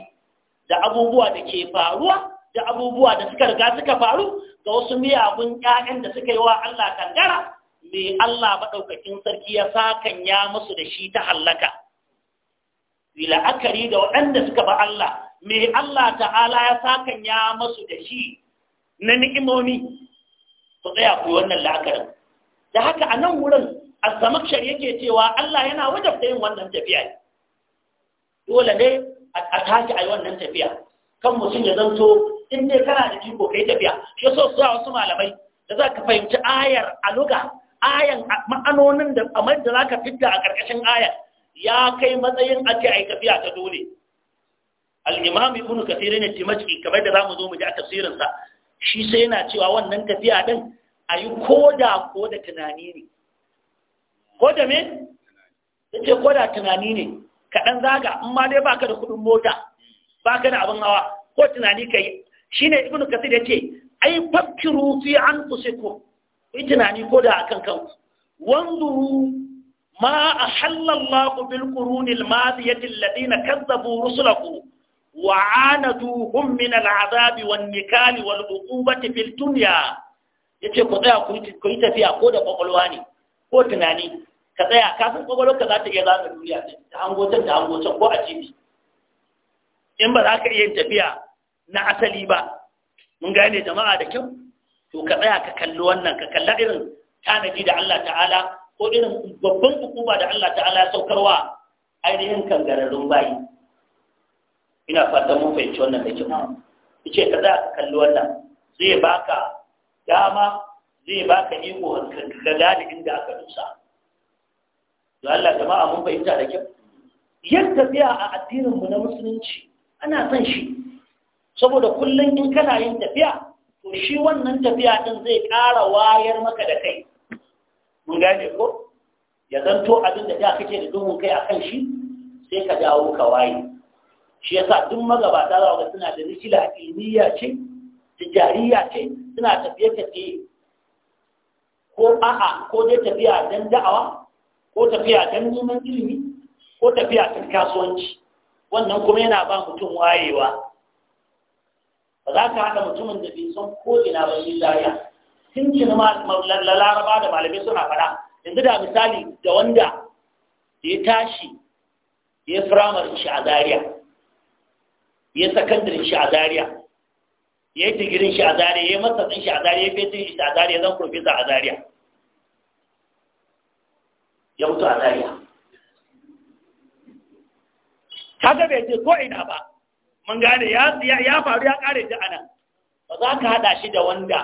da abubuwa da ke faruwa da abubuwa da suka riga suka faru ga wasu miyagun 'ya'yan da suka yi wa Allah tangara. me Allah maɗaukakin sarki ya sakan ya musu da shi ta hallaka Bi la'akari da waɗanda suka ba Allah me Allah ta'ala ya sakan ya musu da shi na ni'imomi ku tsaya ku yi wannan la'akarin da haka a nan wurin asamakshar yake cewa Allah yana wajabta yin wannan tafiya dole ne a tashi a yi wannan tafiya kan mutum ya zanto in dai kana da jiko kai tafiya Ya so su wasu malamai da za ka fahimci ayar a luga ayan ma'anonin da amar da za ka fidda a ƙarƙashin ayar ya kai matsayin a ce a yi tafiya ta dole al'imam ibn kasir ne mace kamar da za mu zo mu ji a tafsirinsa shi sai yana cewa wannan tafiya din a yi koda ko da tunani ne ko da me? ce koda tunani ne kaɗan zaga in ma dai baka da kuɗin mota baka da abin hawa ko tunani ka yi shi ne ibn kasir ya ce ai fakiru fi an kusiku yi tunani ko da akan kanku wanzuru ma a halallahu bil qurunil madiyati alladhina kazzabu rusulaku wa anaduhum min al azabi wan nikali wal uqubati fil dunya ya ce ku tsaya ku yi tafiya ko da kwakwalwa ne ko tunani ka tsaya kafin ƙwaƙwalwa ka za ta iya zaga duniya ta hangotan ta hangotan ko a cibi in ba za ka iya tafiya na asali ba mun gane jama'a da kyau to ka tsaya ka kalli wannan ka kalli irin tanadi da Allah ta'ala ko irin babban hukuma da Allah ta'ala saukarwa ainihin kangararrun bayi ina fata mun fahimci wannan da kyau ce ka za ka kalli wannan zai baka dama zai baka iko da gane inda aka dusa to Allah jama'a mun fahimta da kyau yadda biya a addininmu na musulunci ana son shi saboda kullum in kana yin tafiya to shi wannan tafiya ɗin zai ƙara wayar maka da kai mun gane ko ya zanto abin da da kake da duhun kai a kan shi sai ka dawo ka waye shi yasa duk magabata za ga suna da rikila ilmiya ce tijariya ce suna tafiye-tafiye ko a'a ko dai tafiya don da'awa ko tafiya don neman ilimi ko tafiya don kasuwanci wannan kuma yana ba mutum wayewa ba za ka haɗa mutumin da bai san ko ina ba shi zariya sun ci laraba da malamai suna faɗa yanzu da misali da wanda ya tashi ya firamar shi a zariya ya sakandare shi a zariya ya yi digirin shi a zariya ya yi masasin shi a zariya ya fetin shi a zariya zan profesa a zariya ya mutu a zariya kaga bai je ko ina ba mun gane ya faru ya kare ji ana ba za ka hada shi da wanda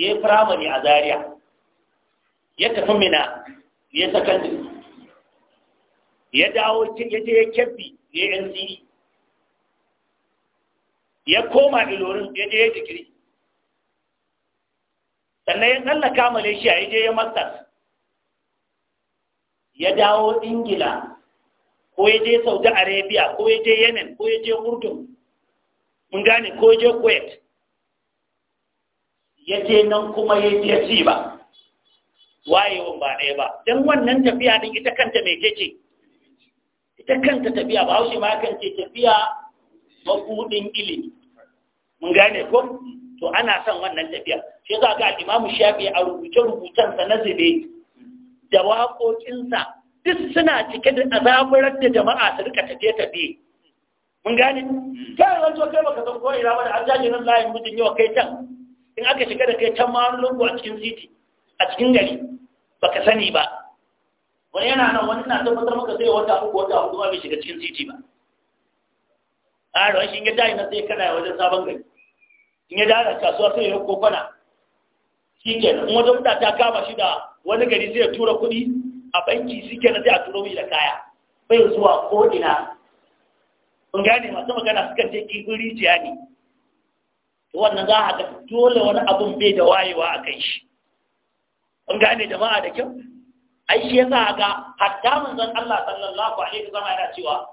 ya yi firamare a zariya ya tafi mina ya sakandare ya dawo ya ce ya kebbi ya yi ya koma ilorin ya je ya digiri sannan ya tsallaka malaysia ya je ya masters ya dawo ingila ko ya je saudi arabia ko ya je yemen ko ya je urdun mun gane ko ya je kuwait ya je nan kuma ya je ci ba wayewan ba ɗaya ba don wannan tafiya ɗin ita kanta mai ce ita kanta tafiya ba haushe ma kan ce tafiya mabuɗin ilimi mun gane ko to ana son wannan tafiya shi za ga imamu shafi a rubuce-rubucensa na zube da waƙoƙinsa duk suna cike da azabarar da jama'a su rika tafiye-tafiye mun gane kai zo kai baka san ko ina ba da an jaje nan layin mutum yau kai can in aka shiga da kai can ma lungu a cikin titi a cikin gari baka sani ba wani yana nan wani na tabbatar maka zai wata uku wata uku ma bai shiga cikin titi ba ƙara shi in ya dai na sai kana ya sabon gari in ya dara kasuwa sai ya ko kwana shi in wata mutata ta kama shi da wani gari sai ya tura kuɗi a banki shi na sai a turo mai da kaya bai zuwa ko ina kun gane masu magana suka ce kifin rijiya ne wannan za a ga dole wani abun bai da wayewa a kai shi kun gane jama'a da kyau ai shi yasa ga hatta manzon Allah sallallahu alaihi wasallam yana cewa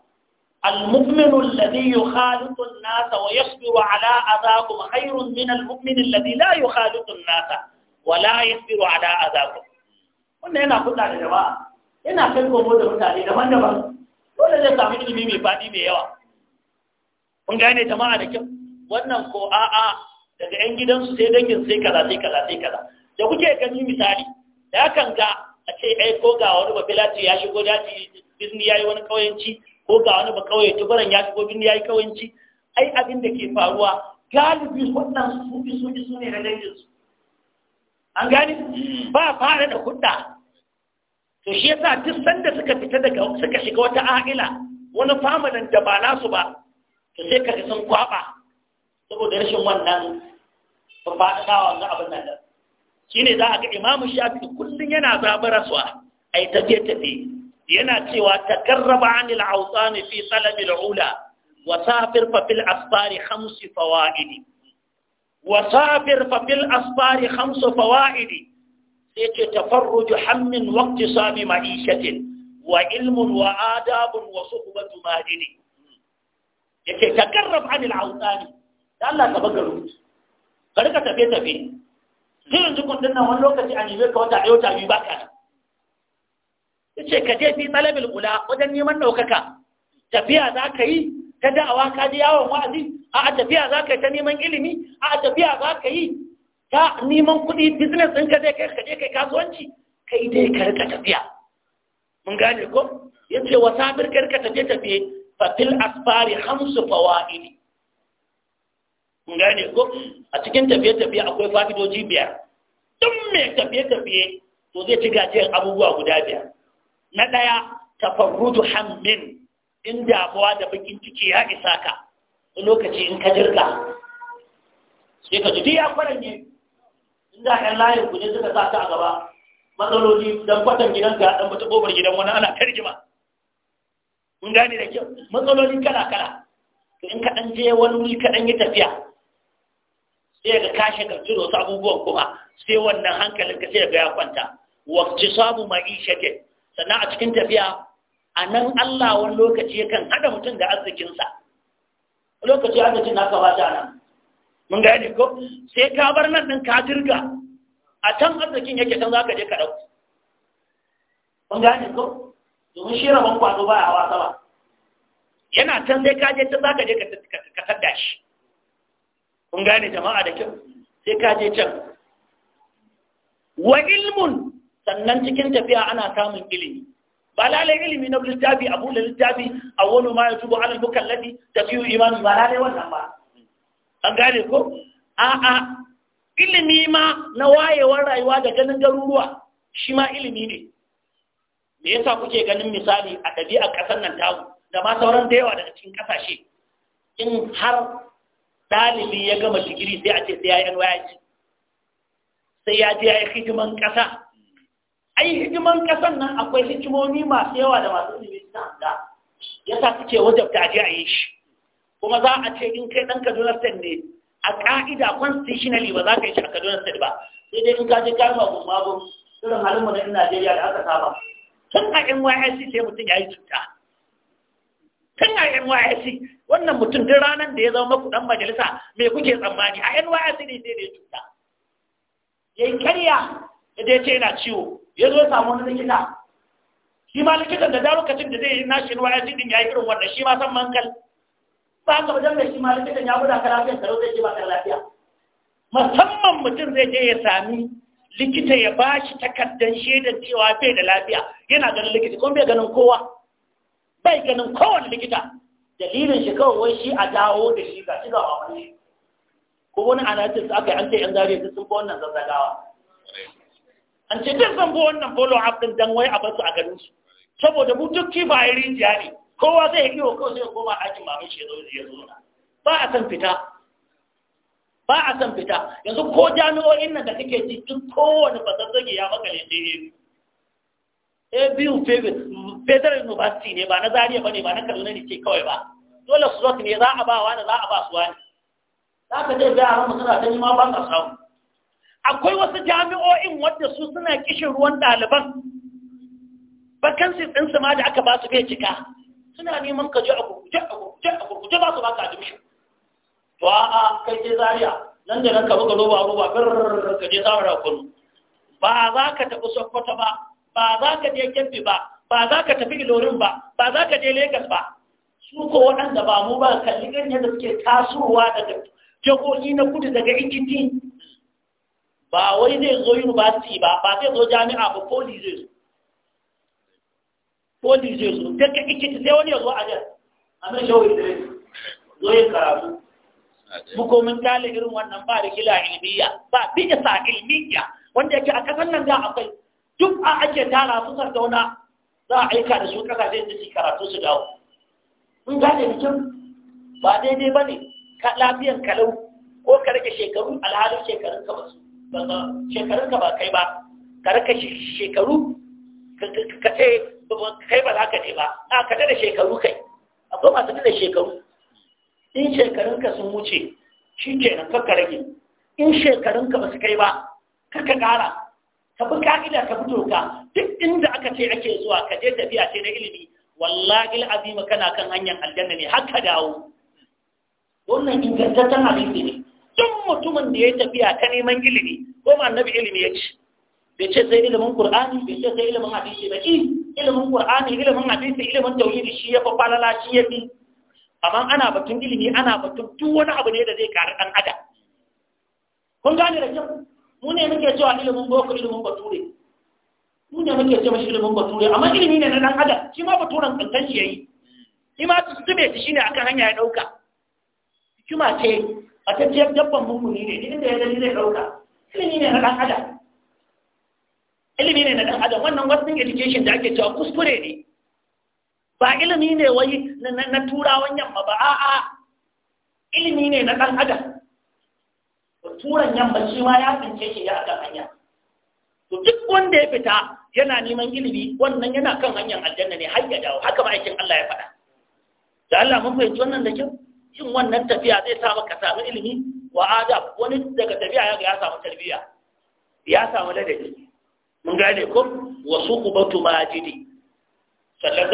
المؤمن الذي يخالط الناس ويصبر على أذاهم خير من المؤمن الذي لا يخالط الناس ولا يصبر على أذاهم wannan yana kuɗa da jama'a yana kai komo da mutane daban-daban dole zai sami ilimi mai faɗi mai yawa kun gane jama'a da kyau wannan ko a'a daga 'yan gidansu sai dangin sai kaza sai kaza sai kaza da kuke gani misali da kan ga a ce ai ko ga wani bafilaci ya shigo daji bizni ya yi wani kauyanci ko ga wani ba kawai baran ya shigo duniya ya yi kawanci ai abin da ke faruwa galibi wannan su bi su bi su ne da su an gani ba fara da hudda to shi yasa duk sanda suka fita daga suka shiga wata a'ila wani famanin da ba nasu ba to sai ka sun kwaba saboda rashin wannan ba faɗaɗawa na abin nan shi ne za a ga imamu shafi kullum yana zabara rasuwa a yi tafiye-tafiye yana cewa takarraba anil awsan fi talabil ula wa safir fa fil asfar khams fawaidi wa safir fa fil asfar khams fawaidi sai ce tafarruj hammin waqti sabi ma'ishatin wa ilmun wa adabun wa suhbatu madini yake takarrab anil awsan Allah ka baga rubutu ka rika tafe tafe sai yanzu kun danna wani lokaci a nime ka wata ayota bi baka yace ka je fi talabil ula wajen neman ɗaukaka tafiya za ka yi ta da'awa ka ji yawon wa'azi a tafiya za ka yi ta neman ilimi a tafiya za ka yi ta neman kuɗi business ka zai kai ka je kai kasuwanci kai dai ka rika tafiya mun gane ko ce wa sabir ka rika tafiye tafiye fa fil asfari khamsu fawaidi mun gane ko a cikin tafiye tafiye akwai fa'idoji biyar duk mai tafiye tafiye to zai ci gajiyar abubuwa guda biyar na ɗaya tafarrudu hammin in damuwa da bakin ciki ya isa ka lokaci in ka jirga sai ka ji ya ne. in da 'yan layin ku ne suka sa ta a gaba matsaloli don kwatan gidan ka dan wata gidan wani ana tarjima mun gane da kyau matsaloli kala kala to in ka dan je wani wuri ka dan yi tafiya sai ka kashe ka ciro wasu abubuwan kuma sai wannan hankalin ka sai ga ya kwanta waqtisabu ma'ishatin sannan a cikin tafiya a nan Allah wani lokaci yakan haɗa mutum da arzikinsa lokaci arzikin na kawo ta nan mun gane ko sai ka bar nan ɗin ka jirga a can arzikin yake can za ka je ka ɗau mun gane ko domin shi rabon kwazo ba a wasa ba yana can sai ka je can za ka je ka tadda shi mun gane jama'a da kyau sai ka je can wa ilmun sannan cikin tafiya ana samun ilimi ba lalai ilimi na littafi a buɗe littafi a wani ma ya tubo alal ladi ta fiye imani ba lalai wannan ba an gane ko a'a ilimi ma na wayewar rayuwa da ganin garuruwa shi ma ilimi ne me yasa kuke ganin misali a ɗabi'a ƙasar nan tamu da ma sauran da yawa daga cikin ƙasashe in har ɗalibi ya gama digiri sai a ce sai ya yi NYC sai ya je ya yi hidiman ƙasa ai hidiman kasan nan akwai hikimomi masu yawa da masu ilimin suna hanga ya sa suke wajabta aje a yi shi kuma za a ce in kai ɗan kaduna state ne a ƙa'ida constitutionally ba za ka yi shi a kaduna state ba sai dai in ka je kayan magun magun irin halin mu na yan najeriya da aka saba tun a nysc sai mutum ya yi cuta tun a nysc wannan mutum duk ranar da ya zama maku ɗan majalisa me kuke tsammani a nysc ne sai da ya cuta ya yi karya da ya ce yana ciwo ya zo ya samu wani likita shi ma likitan da kacin da zai yi nashi ruwa ya din ya yi irin wanda shi ma san mankal ba ka wajen mai shi ma likitan ya guda ka lafiya karo zai ce ba ka lafiya musamman mutum zai je ya sami likita ya ba shi takardar shaidar cewa bai da lafiya yana ganin likita kuma bai ganin kowa bai ganin kowane likita dalilin shi kawai wai shi a dawo da shi ga shi ga wani ko wani analysis aka yi an ce yan zariya sun fi wannan zazzagawa an ce duk zan bi wannan follow up din dan wai a basu a garin su saboda mu duk kifaye rijiya ne kowa zai yi wa kowa zai koma ɗakin mamin shi ya zo na ba a san fita ba a san fita yanzu ko jami'o'in nan da kake ji duk kowane zage ya makale sai ya a biyu federal university ne ba na zariya ba ne ba na kaduna ne ce kawai ba dole su zo ne za a ba wani za a ba su wani za ka je ga yaran suna ta ma ba ka samu akwai wasu jami'o'in wadda su suna kishin ruwan ɗaliban vacancy ɗinsu ma da aka ba su bai cika suna neman ka ji a gurguje ba su ba ka admission to a kai je Zariya, nan da nan ka buga roba roba birrrr ka je da kunu ba za ka tafi sokoto ba ba za ka je kebbi ba ba za ka tafi ilorin ba ba za ka je Legas ba su ko waɗanda ba mu ba kalli irin yadda suke tasowa daga jagogi na kudu daga ikiti ba wai zai zo university ba ba zai zo jami'a ba poli zai zo poli zai zo ta ka ikiti sai wani ya zo a jan a mai shawar zo yin karatu Bukomin kale irin wannan ba da kila ilmiya ba bisa ilmiya wanda yake a kasan nan da akwai duk a ake tara su sardauna za a aika da su kasashen da su karatu su dawo in gane da kyau ba daidai ba ne ka lafiyan kalau ko ka rage shekaru alhalin shekarun ka su shekarunka ba kai ba ka raka shekaru ka ce kai ba za ka ne ba a ka da shekaru kai akwai masu da shekaru in shekarunka sun wuce shi kenan kakka rage in shekarunka ba su kai ba kakka kara ka fi ka'ida ka fito ka duk inda aka ce ake zuwa ka je tafiya ce na ilimi wallahi azima kana kan hanyar aljanna ne haka dawo wannan ingantaccen abin ne duk mutumin da ya tafiya ta neman ilimi ko ma annabi ilimi ya ce bai ce sai ilimin qur'ani bai ce sai ilimin hadisi ba ilimin qur'ani ilimin hadisi ilimin tauhidi shi ya fa falala shi ya fi amma ana batun ilimi ana batun duk wani abu ne da zai ƙari ɗan adam kun gane da kyau mu ne muke cewa ilimin boko ilimin bature mu ne muke cewa ilimin bature amma ilimi ne na ɗan adam shi ma baturan kankan shi yayi shi ma su zube shi ne akan hanya ya ɗauka hikima ce a ce dabban mummuni ne duk inda ya gani zai ɗauka ilimi ne na ɗan adam ilimi ne na ɗan adam wannan western education da ake cewa kuskure ne ba ilimi ne wai na turawan yamma ba a'a ilimi ne na ɗan adam turan yamma shi ma ya tsince shi ya akan hanya to duk wanda ya fita yana neman ilimi wannan yana kan hanyar aljanna ne har ya dawo haka ma'aikin Allah ya faɗa da Allah mun fahimci wannan da kyau yin wannan tafiya zai sa maka samu ilimi wa adab wani daga tafiya ya ga ya samu tarbiyya ya samu ladabi mun gane ko wa suqbatu majidi sannan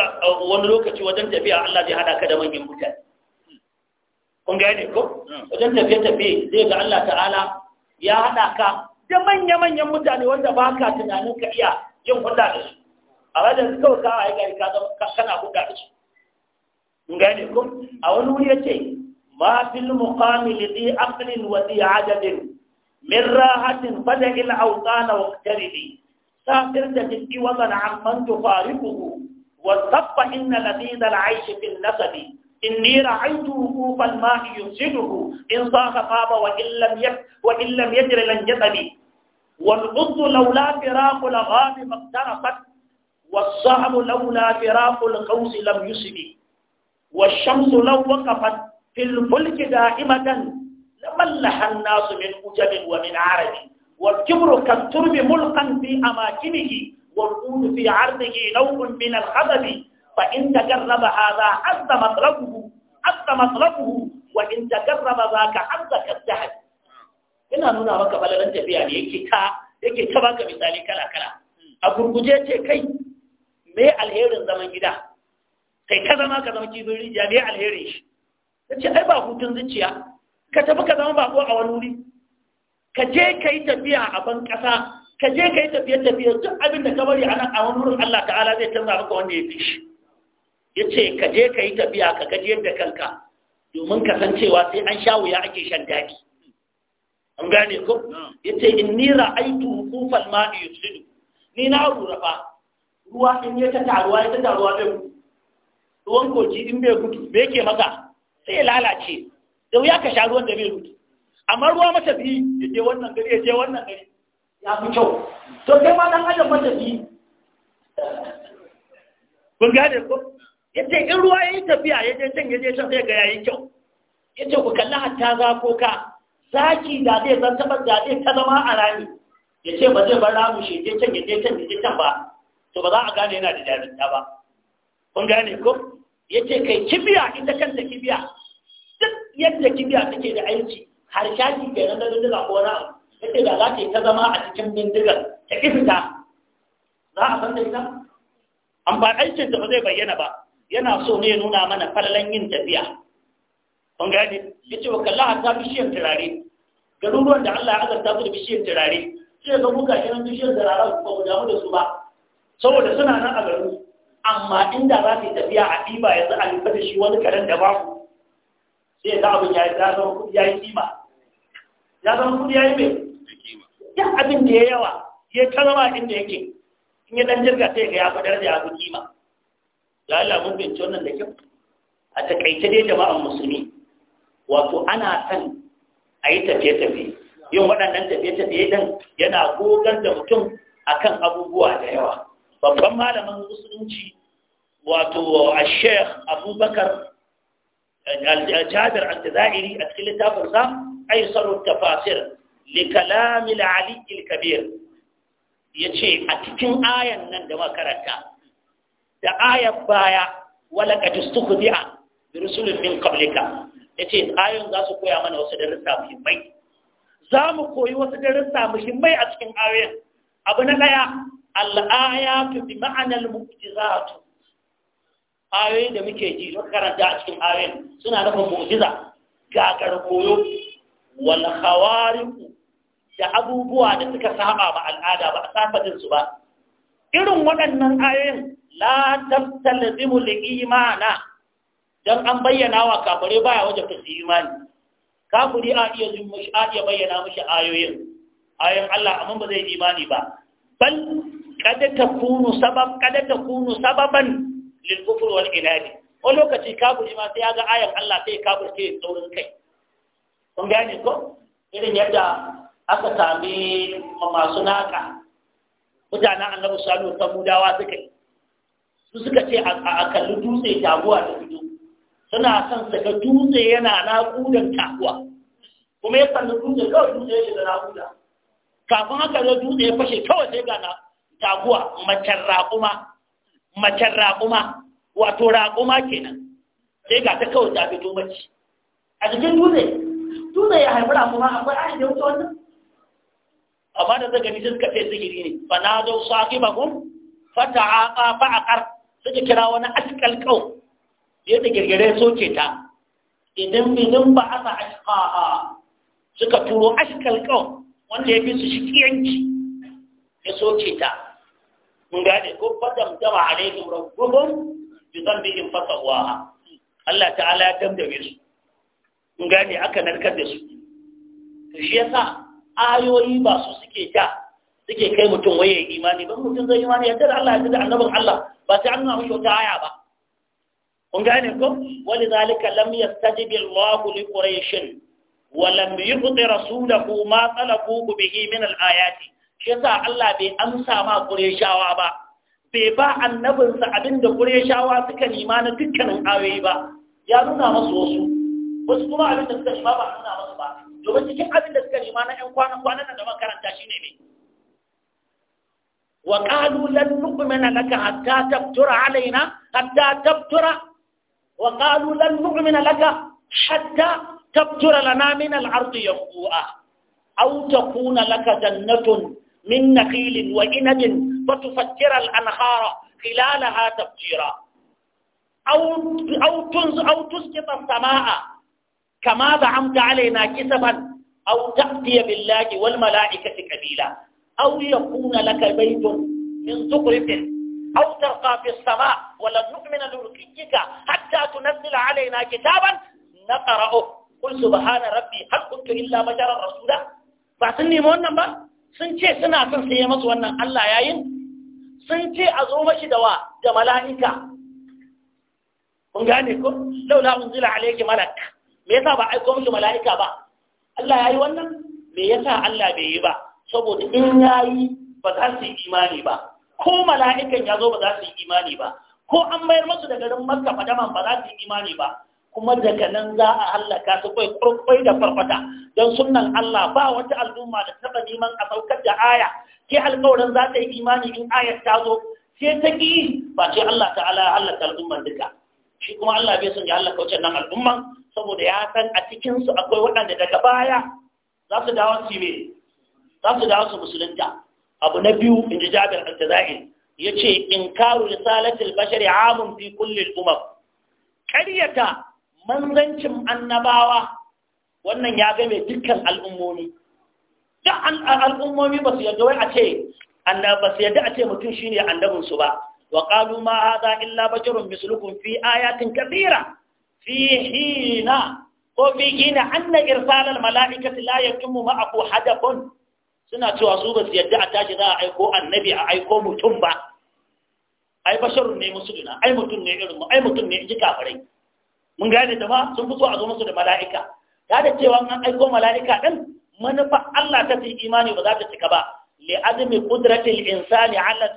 wani lokaci wajen tafiya Allah zai hada ka da manyan mutane kun gane ko hmm. wajen tafiya tafiya zai ga Allah ta'ala ya hada ka da manya manyan mutane wanda ba ka tunanin ka iya yin hulɗa da su a wajen kawai ka ga ka zama kana hulɗa da su mun gane ku a wani wuri yace ma fil muqami li di aqlin wa di adadin min rahatin fada il awtana wa qtaribi safir da jiddi wa man amman tufariquhu wa tabba inna ladina al-aish fil nasabi إني رأيت وقوف الماء يفسده إن صاح قام وإن لم يك وإن لم يجر لن يتبي والعض لولا فراق الغاب ما اقترفت والصعب لولا فراق القوس لم يسبي والشمس لو وقفت في الملك دائمة لملح الناس من أجب ومن عرب والكبر كالترب ملقا في أماكنه والقول في عرضه نوع من الخذب فإن تجرب هذا عز مطلبه عز مطلبه وإن تجرب ذاك عز كالذهب ina nuna maka balaran tafiya ne yake ta yake ta baka misali kala kala a gurguje ce kai me alherin zaman gida kai ka zama ka zama kifin rijiya ne alherin shi ta ce ai ba hutun zuciya ka tafi ka zama bako a wani wuri ka je ka yi tafiya a ban ƙasa ka je ka yi tafiye tafiye duk abin da ka bari a nan a wani wurin Allah ta'ala zai canza maka wanda ya fi shi ya ce ka je ka yi tafiya ka gaji da kanka domin ka san cewa sai an sha wuya ake shan daɗi an gane ko ya ce in ni ra'aitu hukufal ma'i yusidu ni na rura ruwa in ya ta taruwa ya ta taruwa ɗin ruwan koci in bai gudu me yake maka sai ya lalace da wuya ka sha ruwan da bai gudu amma ruwa matafi ya je wannan gari ya je wannan gari ya fi kyau to kai ma dan adam matafi kun gane ko yace in ruwa yayi tafiya ya je can ya je can sai ga yayi kyau yace ku kalli hatta za ko ka zaki da zai zan tabar da zai ta zama a rami yace ba zai bar ramu shi je can ya je can ya je can ba to ba za a gane yana da jarinta ba kun gane ko ya ce kai kibiya ita kanta kibiya duk yadda kibiya take da aiki har shaki ke nan da bindiga ko na da za ta yi ta zama a cikin bindigar ta fita. za a san da ita ba aikin da ba zai bayyana ba yana so ne ya nuna mana fallan yin tafiya kun gane ya ce wa kalla ta bishiyar turare garuruwan da Allah ya azarta su da bishiyar turare sai ga muka irin bishiyar turaren ba mu damu da su ba saboda suna nan a garin amma inda za su tafiya a ɗiba yanzu a lura da shi wani karen da babu sai ya abin ya zama kudi ya yi kima ya zama kudi ya yi mai ya abin da ya yawa ya tarama inda yake in ya dan jirga sai ga ya fadar da ya fi kima ya Allah mun bince wannan da kyau a takaice dai jama'an musulmi wato ana son a yi tafiye-tafiye yin waɗannan tafiye-tafiye dan yana gogar da mutum akan abubuwa da yawa babban malamin musulunci wato a sheikh abubakar eh, jabir al-jazairi a cikin littafinsa, sa aisarun tafasir likalami al-ali kabir ya ce a cikin ayan nan da makaranta da ayan baya wala ka bi'a, da rusulun min ya ce ayon za su koya mana wasu darussa muhimmai za mu koyi wasu darussa muhimmai a cikin ayoyin abu na ɗaya al'ayatu bi ma'anar mu'jizatu ayoyi da muke ji don karanta a cikin ayoyin suna nufin mu'jiza gagar koyo wal hawarinku da abubuwa da suka saba ba al'ada ba a safatin su ba irin waɗannan ayoyin la tastalzimu da imana don an bayyana wa kafare baya wajen imani a iya a iya bayyana ayoyin ayoyin Allah amma ba zai imani ba bal kada ta kunu sabab kada ta kunu sababan lil kufr wal inadi o lokaci kafiri ma sai ya ga ayan Allah sai kafir ke tsaurin kai kun gane ko irin yadda aka sami masu naka mutanen annabi salu ta mudawa suka yi su suka ce a kalli dutse taguwa da fito suna son saka dutse yana naƙudan taguwa kuma ya kalli dutse kawai dutse ya shiga naƙuda kafin haka zo dutse ya fashe kawai sai ga taguwa macen raƙuma macen raƙuma wato raƙuma kenan sai ga ta kawai ta fito mace a cikin dutse dutse ya haifi raƙuma akwai ayin da wuce wannan amma da zaga ni suka ce sihiri ne ba na zo ba kun fata a ƙafa a ƙar suka kira wani askal kau ya da girgire soke ta idan binin ba asa ashqaha suka turo askal kau wanda ya fi su ƙiyanci ya soke ta mun gane ko fadam tama alaihim rabbuhum bi dhanbihim fasawaha Allah ta'ala ya damdame su mun gane aka narkar da su to shi yasa ayoyi ba su suke ja suke kai mutum waye imani ba mutum zai imani yadda da Allah ya da annabin Allah ba sai an nuna mishi wata aya ba kun gane ko wani zalika lam yastajibi Allah li quraish wa lam yu'ti rasulahu ma talabuhu bihi min al-ayati yasa Allah bai amsa ma Qurayshawa ba bai ba annabinsa abinda Qurayshawa suka nima na dukkanin ayoyi ba ya nuna masu wasu wasu kuma abin da suka nima ba nuna masu ba domin cikin abin da suka nima na ƴan kwanan kwanan da makaranta shine ne wa qalu lan nu'mina laka hatta tabtura alaina hatta tabtura wa qalu lan nu'mina laka hatta tabtura lana min al-ardi yanbu'a aw takuna laka jannatun من نخيل وإنب فتفجر الأنهار خلالها تفجيرا أو أو أو تسقط السماء كما زعمت علينا كسبا أو تأتي بالله والملائكة كبيلا أو يكون لك بيت من زخرف أو ترقى في السماء ولن نؤمن لرقيك حتى تنزل علينا كتابا نقرأه قل سبحان ربي هل كنت إلا بشرا رسولا فاعطني مؤنبا sun ce suna son sai ya masu wannan Allah yayin sun ce a zo mashi da wa da mala'ika kun gane ko laula unzila alayki malak me yasa ba aiko mashi mala'ika ba Allah yayi wannan me yasa Allah bai yi ba saboda in yayi ba za su yi imani ba ko mala'ikan ya zo ba za su yi imani ba ko an bayar masu da garin makka fadaman ba za su yi imani ba kuma daga nan za a hallaka su kai kurkwai da farfata don sunan Allah ba wata al'umma da taɓa neman a saukar da aya ke alƙawarin za ta yi imani in ayar ta zo sai ta ƙi ba ce Allah ta'ala ya hallaka al'umman duka shi kuma Allah bai son ya hallaka wacce nan al'umman saboda ya san a cikinsu akwai waɗanda daga baya za su dawo su me za su dawo su musulunta abu na biyu in ji jabir al-jazair ya ce in karu risalatul bashari amun fi kulli al-umam ƙaryata manzancin annabawa wannan ya game dukkan al'ummomi duk al'ummomi ba su yarda wai a ce ba su yarda a ce mutum shine annabinsu ba wa qalu ma hadha illa basharun mislukum fi ayatin kathira fi hina ko fi hina anna irsal al malaikati la yatimmu ma'ahu hadathun suna cewa su ba su yarda a tashi za a aiko annabi a aiko mutum ba ai basharun ne musuluna ai mutum ne irin mu ai mutum ne ji kafirai mun gane jama'a sun fi so a zo musu da mala'ika ta da cewa an aiko mala'ika din manufa Allah ta fi imani ba za ta cika ba li azmi qudratil insani ala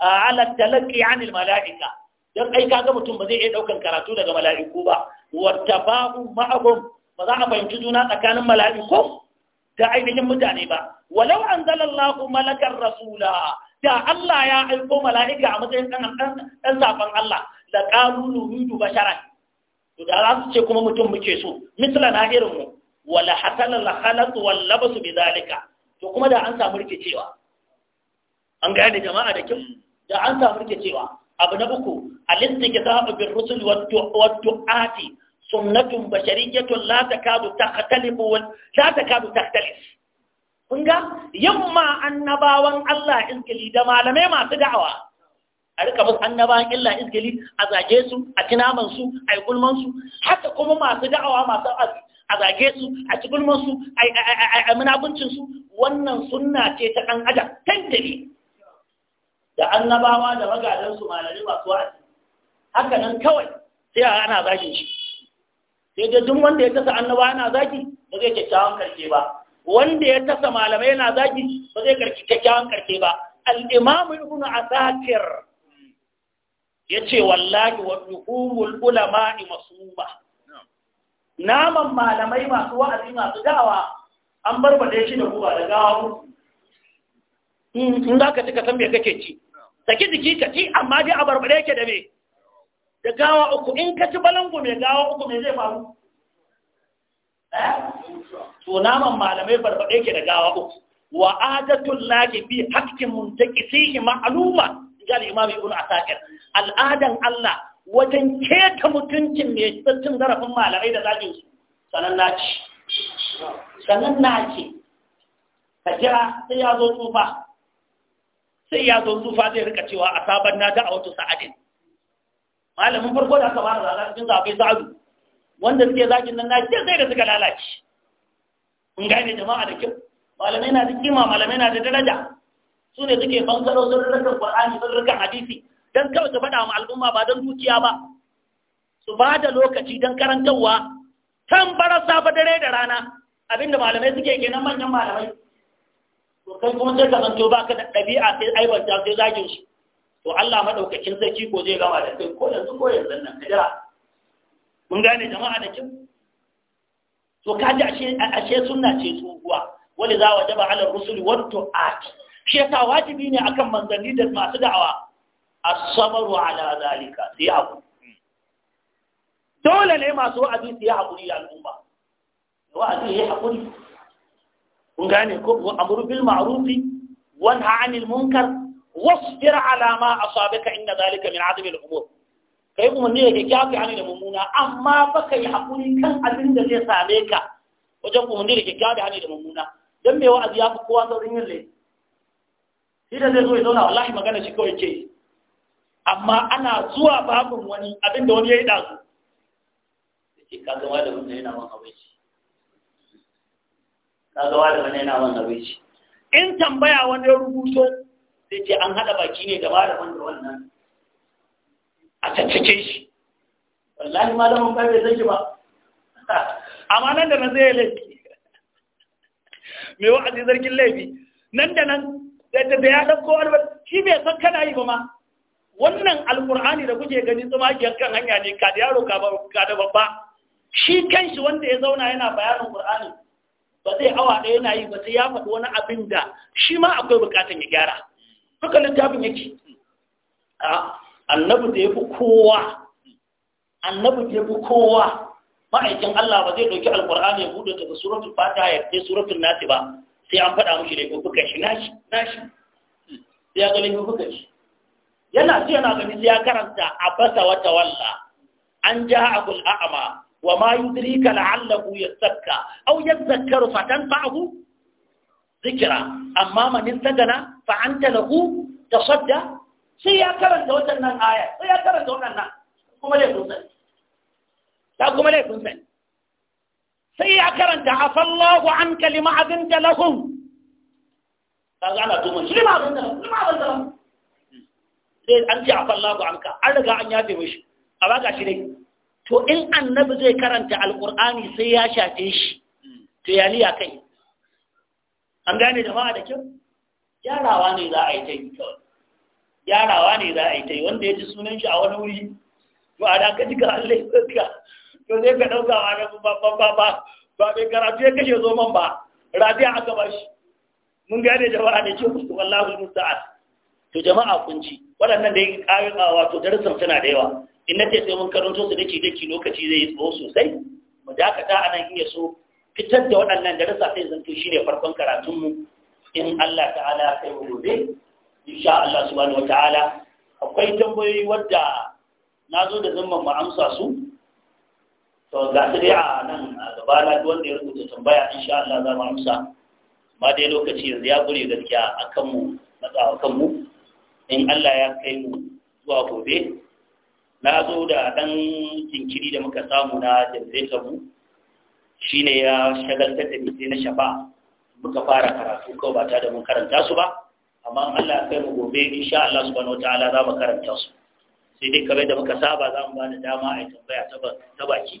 ala talaqqi anil mala'ika dan ai kaga mutum ba zai iya daukan karatu daga mala'iku ba wa tafahu ma'ahum ba za a fahimci juna tsakanin mala'iku da ainihin mutane ba walau anzalallahu malakar rasula da Allah ya aiko mala'ika a matsayin ɗan safan Allah La ƙalu nuhudu basharan to da za su ce kuma mutum muke so misla na irin mu wala hasala la khalat wal bi zalika to kuma da an samu cewa. an gane jama'a da kin da an samu cewa abu na uku al-istikzabu bir rusul wa du'ati sunnatun bashariyatun la takadu takhtalifu la takadu takhtalif kun ga yamma annabawan Allah in kili da malamai masu da'awa a rika musu annabawan illa izgili a zage su a tinaman su a yi gulman su haka kuma masu da'awa masu a zage su a ci gulman su a munafuncin su wannan sunna ce ta kan adam tantare da annabawa da magadan su malami masu wa'azi haka nan kawai sai a ana zagin shi sai dai duk wanda ya tasa annaba ana zagi ba zai kyakkyawan karshe ba wanda ya tasa malamai yana zagi ba zai karki kyakkyawan karshe ba al-imamu ibnu asakir Ya ce wallahi wa duhumul ulama ba. naman malamai masu wa'azi masu dawa an barbade shi da guba da gawa in za ka ci ka san me kake ci saki jiki ka ci amma dai a barbade yake da me da gawa uku in ka ci balangu mai gawa uku me zai faru eh? to naman malamai barbade yake da gawa uku wa adatul laki bi hakkin muntakisihi ma'aluma? ya al-imam ibn asakir al'adan Allah wajen keta mutuncin ne cin zarafin malamai da zagin su sanan naci sanan naci ka jira sai ya zo tsufa sai ya zo tsufa zai rika cewa a sabon na da a wata sa'adin malamin farko da aka fara zaga cikin zaɓe sa'adu wanda suke zagin nan naci sai da suka lalace in gane jama'a da kyau malamai na da kima malamai na da daraja su ne suke bankaro sirrukan Qur'ani sirrukan hadisi dan kawai su faɗa wa al'umma ba don dukiya ba su ba da lokaci don karantarwa tambara safa dare da rana abinda malamai suke kenan manyan malamai to kai kuma sai ka zanto baka da ɗabi'a sai aiwata sai zagin shi to Allah madaukakin sarki ko zai gama da kai ko yanzu ko yanzu nan ka mun gane jama'a da kin to kaji ashe ashe sunna ce tsohuwa wali za wajaba ala rusuli wa tu'ati shi yasa wajibi ne akan manzanni da masu da'awa as-sabru ala zalika sai haƙuri dole ne masu wa'azi sai ya haƙuri da al'umma wa'azi ya hakuri kun gane ko amru bil wa wanha 'anil munkar wasbir ala ma asabaka inna zalika min 'azmi al-umur kai kuma ne da kyafi an da mummuna amma baka kai hakuri kan abin da zai same ka wajen kuma ne da kyafi an da mummuna dan me wa'azi ya fi kowa saurin yin laifi shi zai zo ya zauna wallahi magana shi kawai ke amma ana zuwa babin wani abin da wani ya yi ɗazu da ke ka gawa da wani yana wani abinci ka da wani yana wani abinci in tambaya wani rubuto sai ce an haɗa baki ne da da wanda wannan a cancake shi wallahi malamin bai bai zaki ba amma nan da na zai laifi mai wa'azi zargin laifi nan da nan da da ya dauko albar shi bai san kana yi ba ma wannan alqur'ani da kuke gani tsumakiyar kan hanya ne ka da yaro ka da babba shi kanshi wanda ya zauna yana bayanin qur'ani ba zai awa ɗaya yana yi ba sai ya faɗi wani abin da shi ma akwai bukatan ya gyara haka littafin yake annabi da ya fi kowa annabi da ya kowa ma'aikin Allah ba zai ɗauki alƙur'ani ya buɗe daga suratul fatiha ya kai suratul nasi ba sai an faɗa mushi laifuffukan shi nashi nashi sai ya ga laifuffukan shi yana sai yana gani sai ya karanta a fasa wata walla an ja abul a'ama wa ma yudrika la'allahu yazzakka aw yadhakkaru fatanfa'ahu zikra amma man istagana fa anta lahu tasadda sai ya karanta wannan aya sai ya karanta wannan kuma laifin sani ta kuma laifin sani sai ya karanta a fallahu an kalima abin da lahum shi ma a to in annabi zai karanta alqur'ani sai ya shafe shi to ya kai an gane ma'a da kyau yarawa ne za a yi ta yi yarawa ne za a yi ta yi wanda ya ji sunan shi a wani wuri ba a ka ji ka Allah to zai ka ɗauka a nan ba ba ba ba ba bai karatu ya kashe zo man ba rabi'a aka ba shi mun gane jama'a da kyau to Allahu musta'an to jama'a kunci waɗannan da yake ƙarin wato darasin suna da yawa in na ce sai mun karanto su daki daki lokaci zai yi tsawo sosai mu dakata a nan iya so fitar da waɗannan darasa sai zanto ne farkon karatunmu in Allah ta'ala ya kai mu gobe insha Allah subhanahu wataala akwai tambayoyi wadda na zo da zumman mu amsa su to ga su dai a nan a gaba na wanda ya rubuta tambaya in sha Allah za mu amsa amma dai lokaci yanzu ya gure gaskiya a kanmu matsa a kanmu in Allah ya kai mu zuwa gobe na zo da ɗan jinkiri da muka samu na janzetar mu shi ne ya shagaltar da mutum na shafa muka fara karatu kawai ba tare da mun karanta su ba amma Allah ya kai mu gobe in sha Allah subhanahu wataala za mu karanta su sai dai kamar da muka saba za mu ba bani dama a yi tambaya ta baki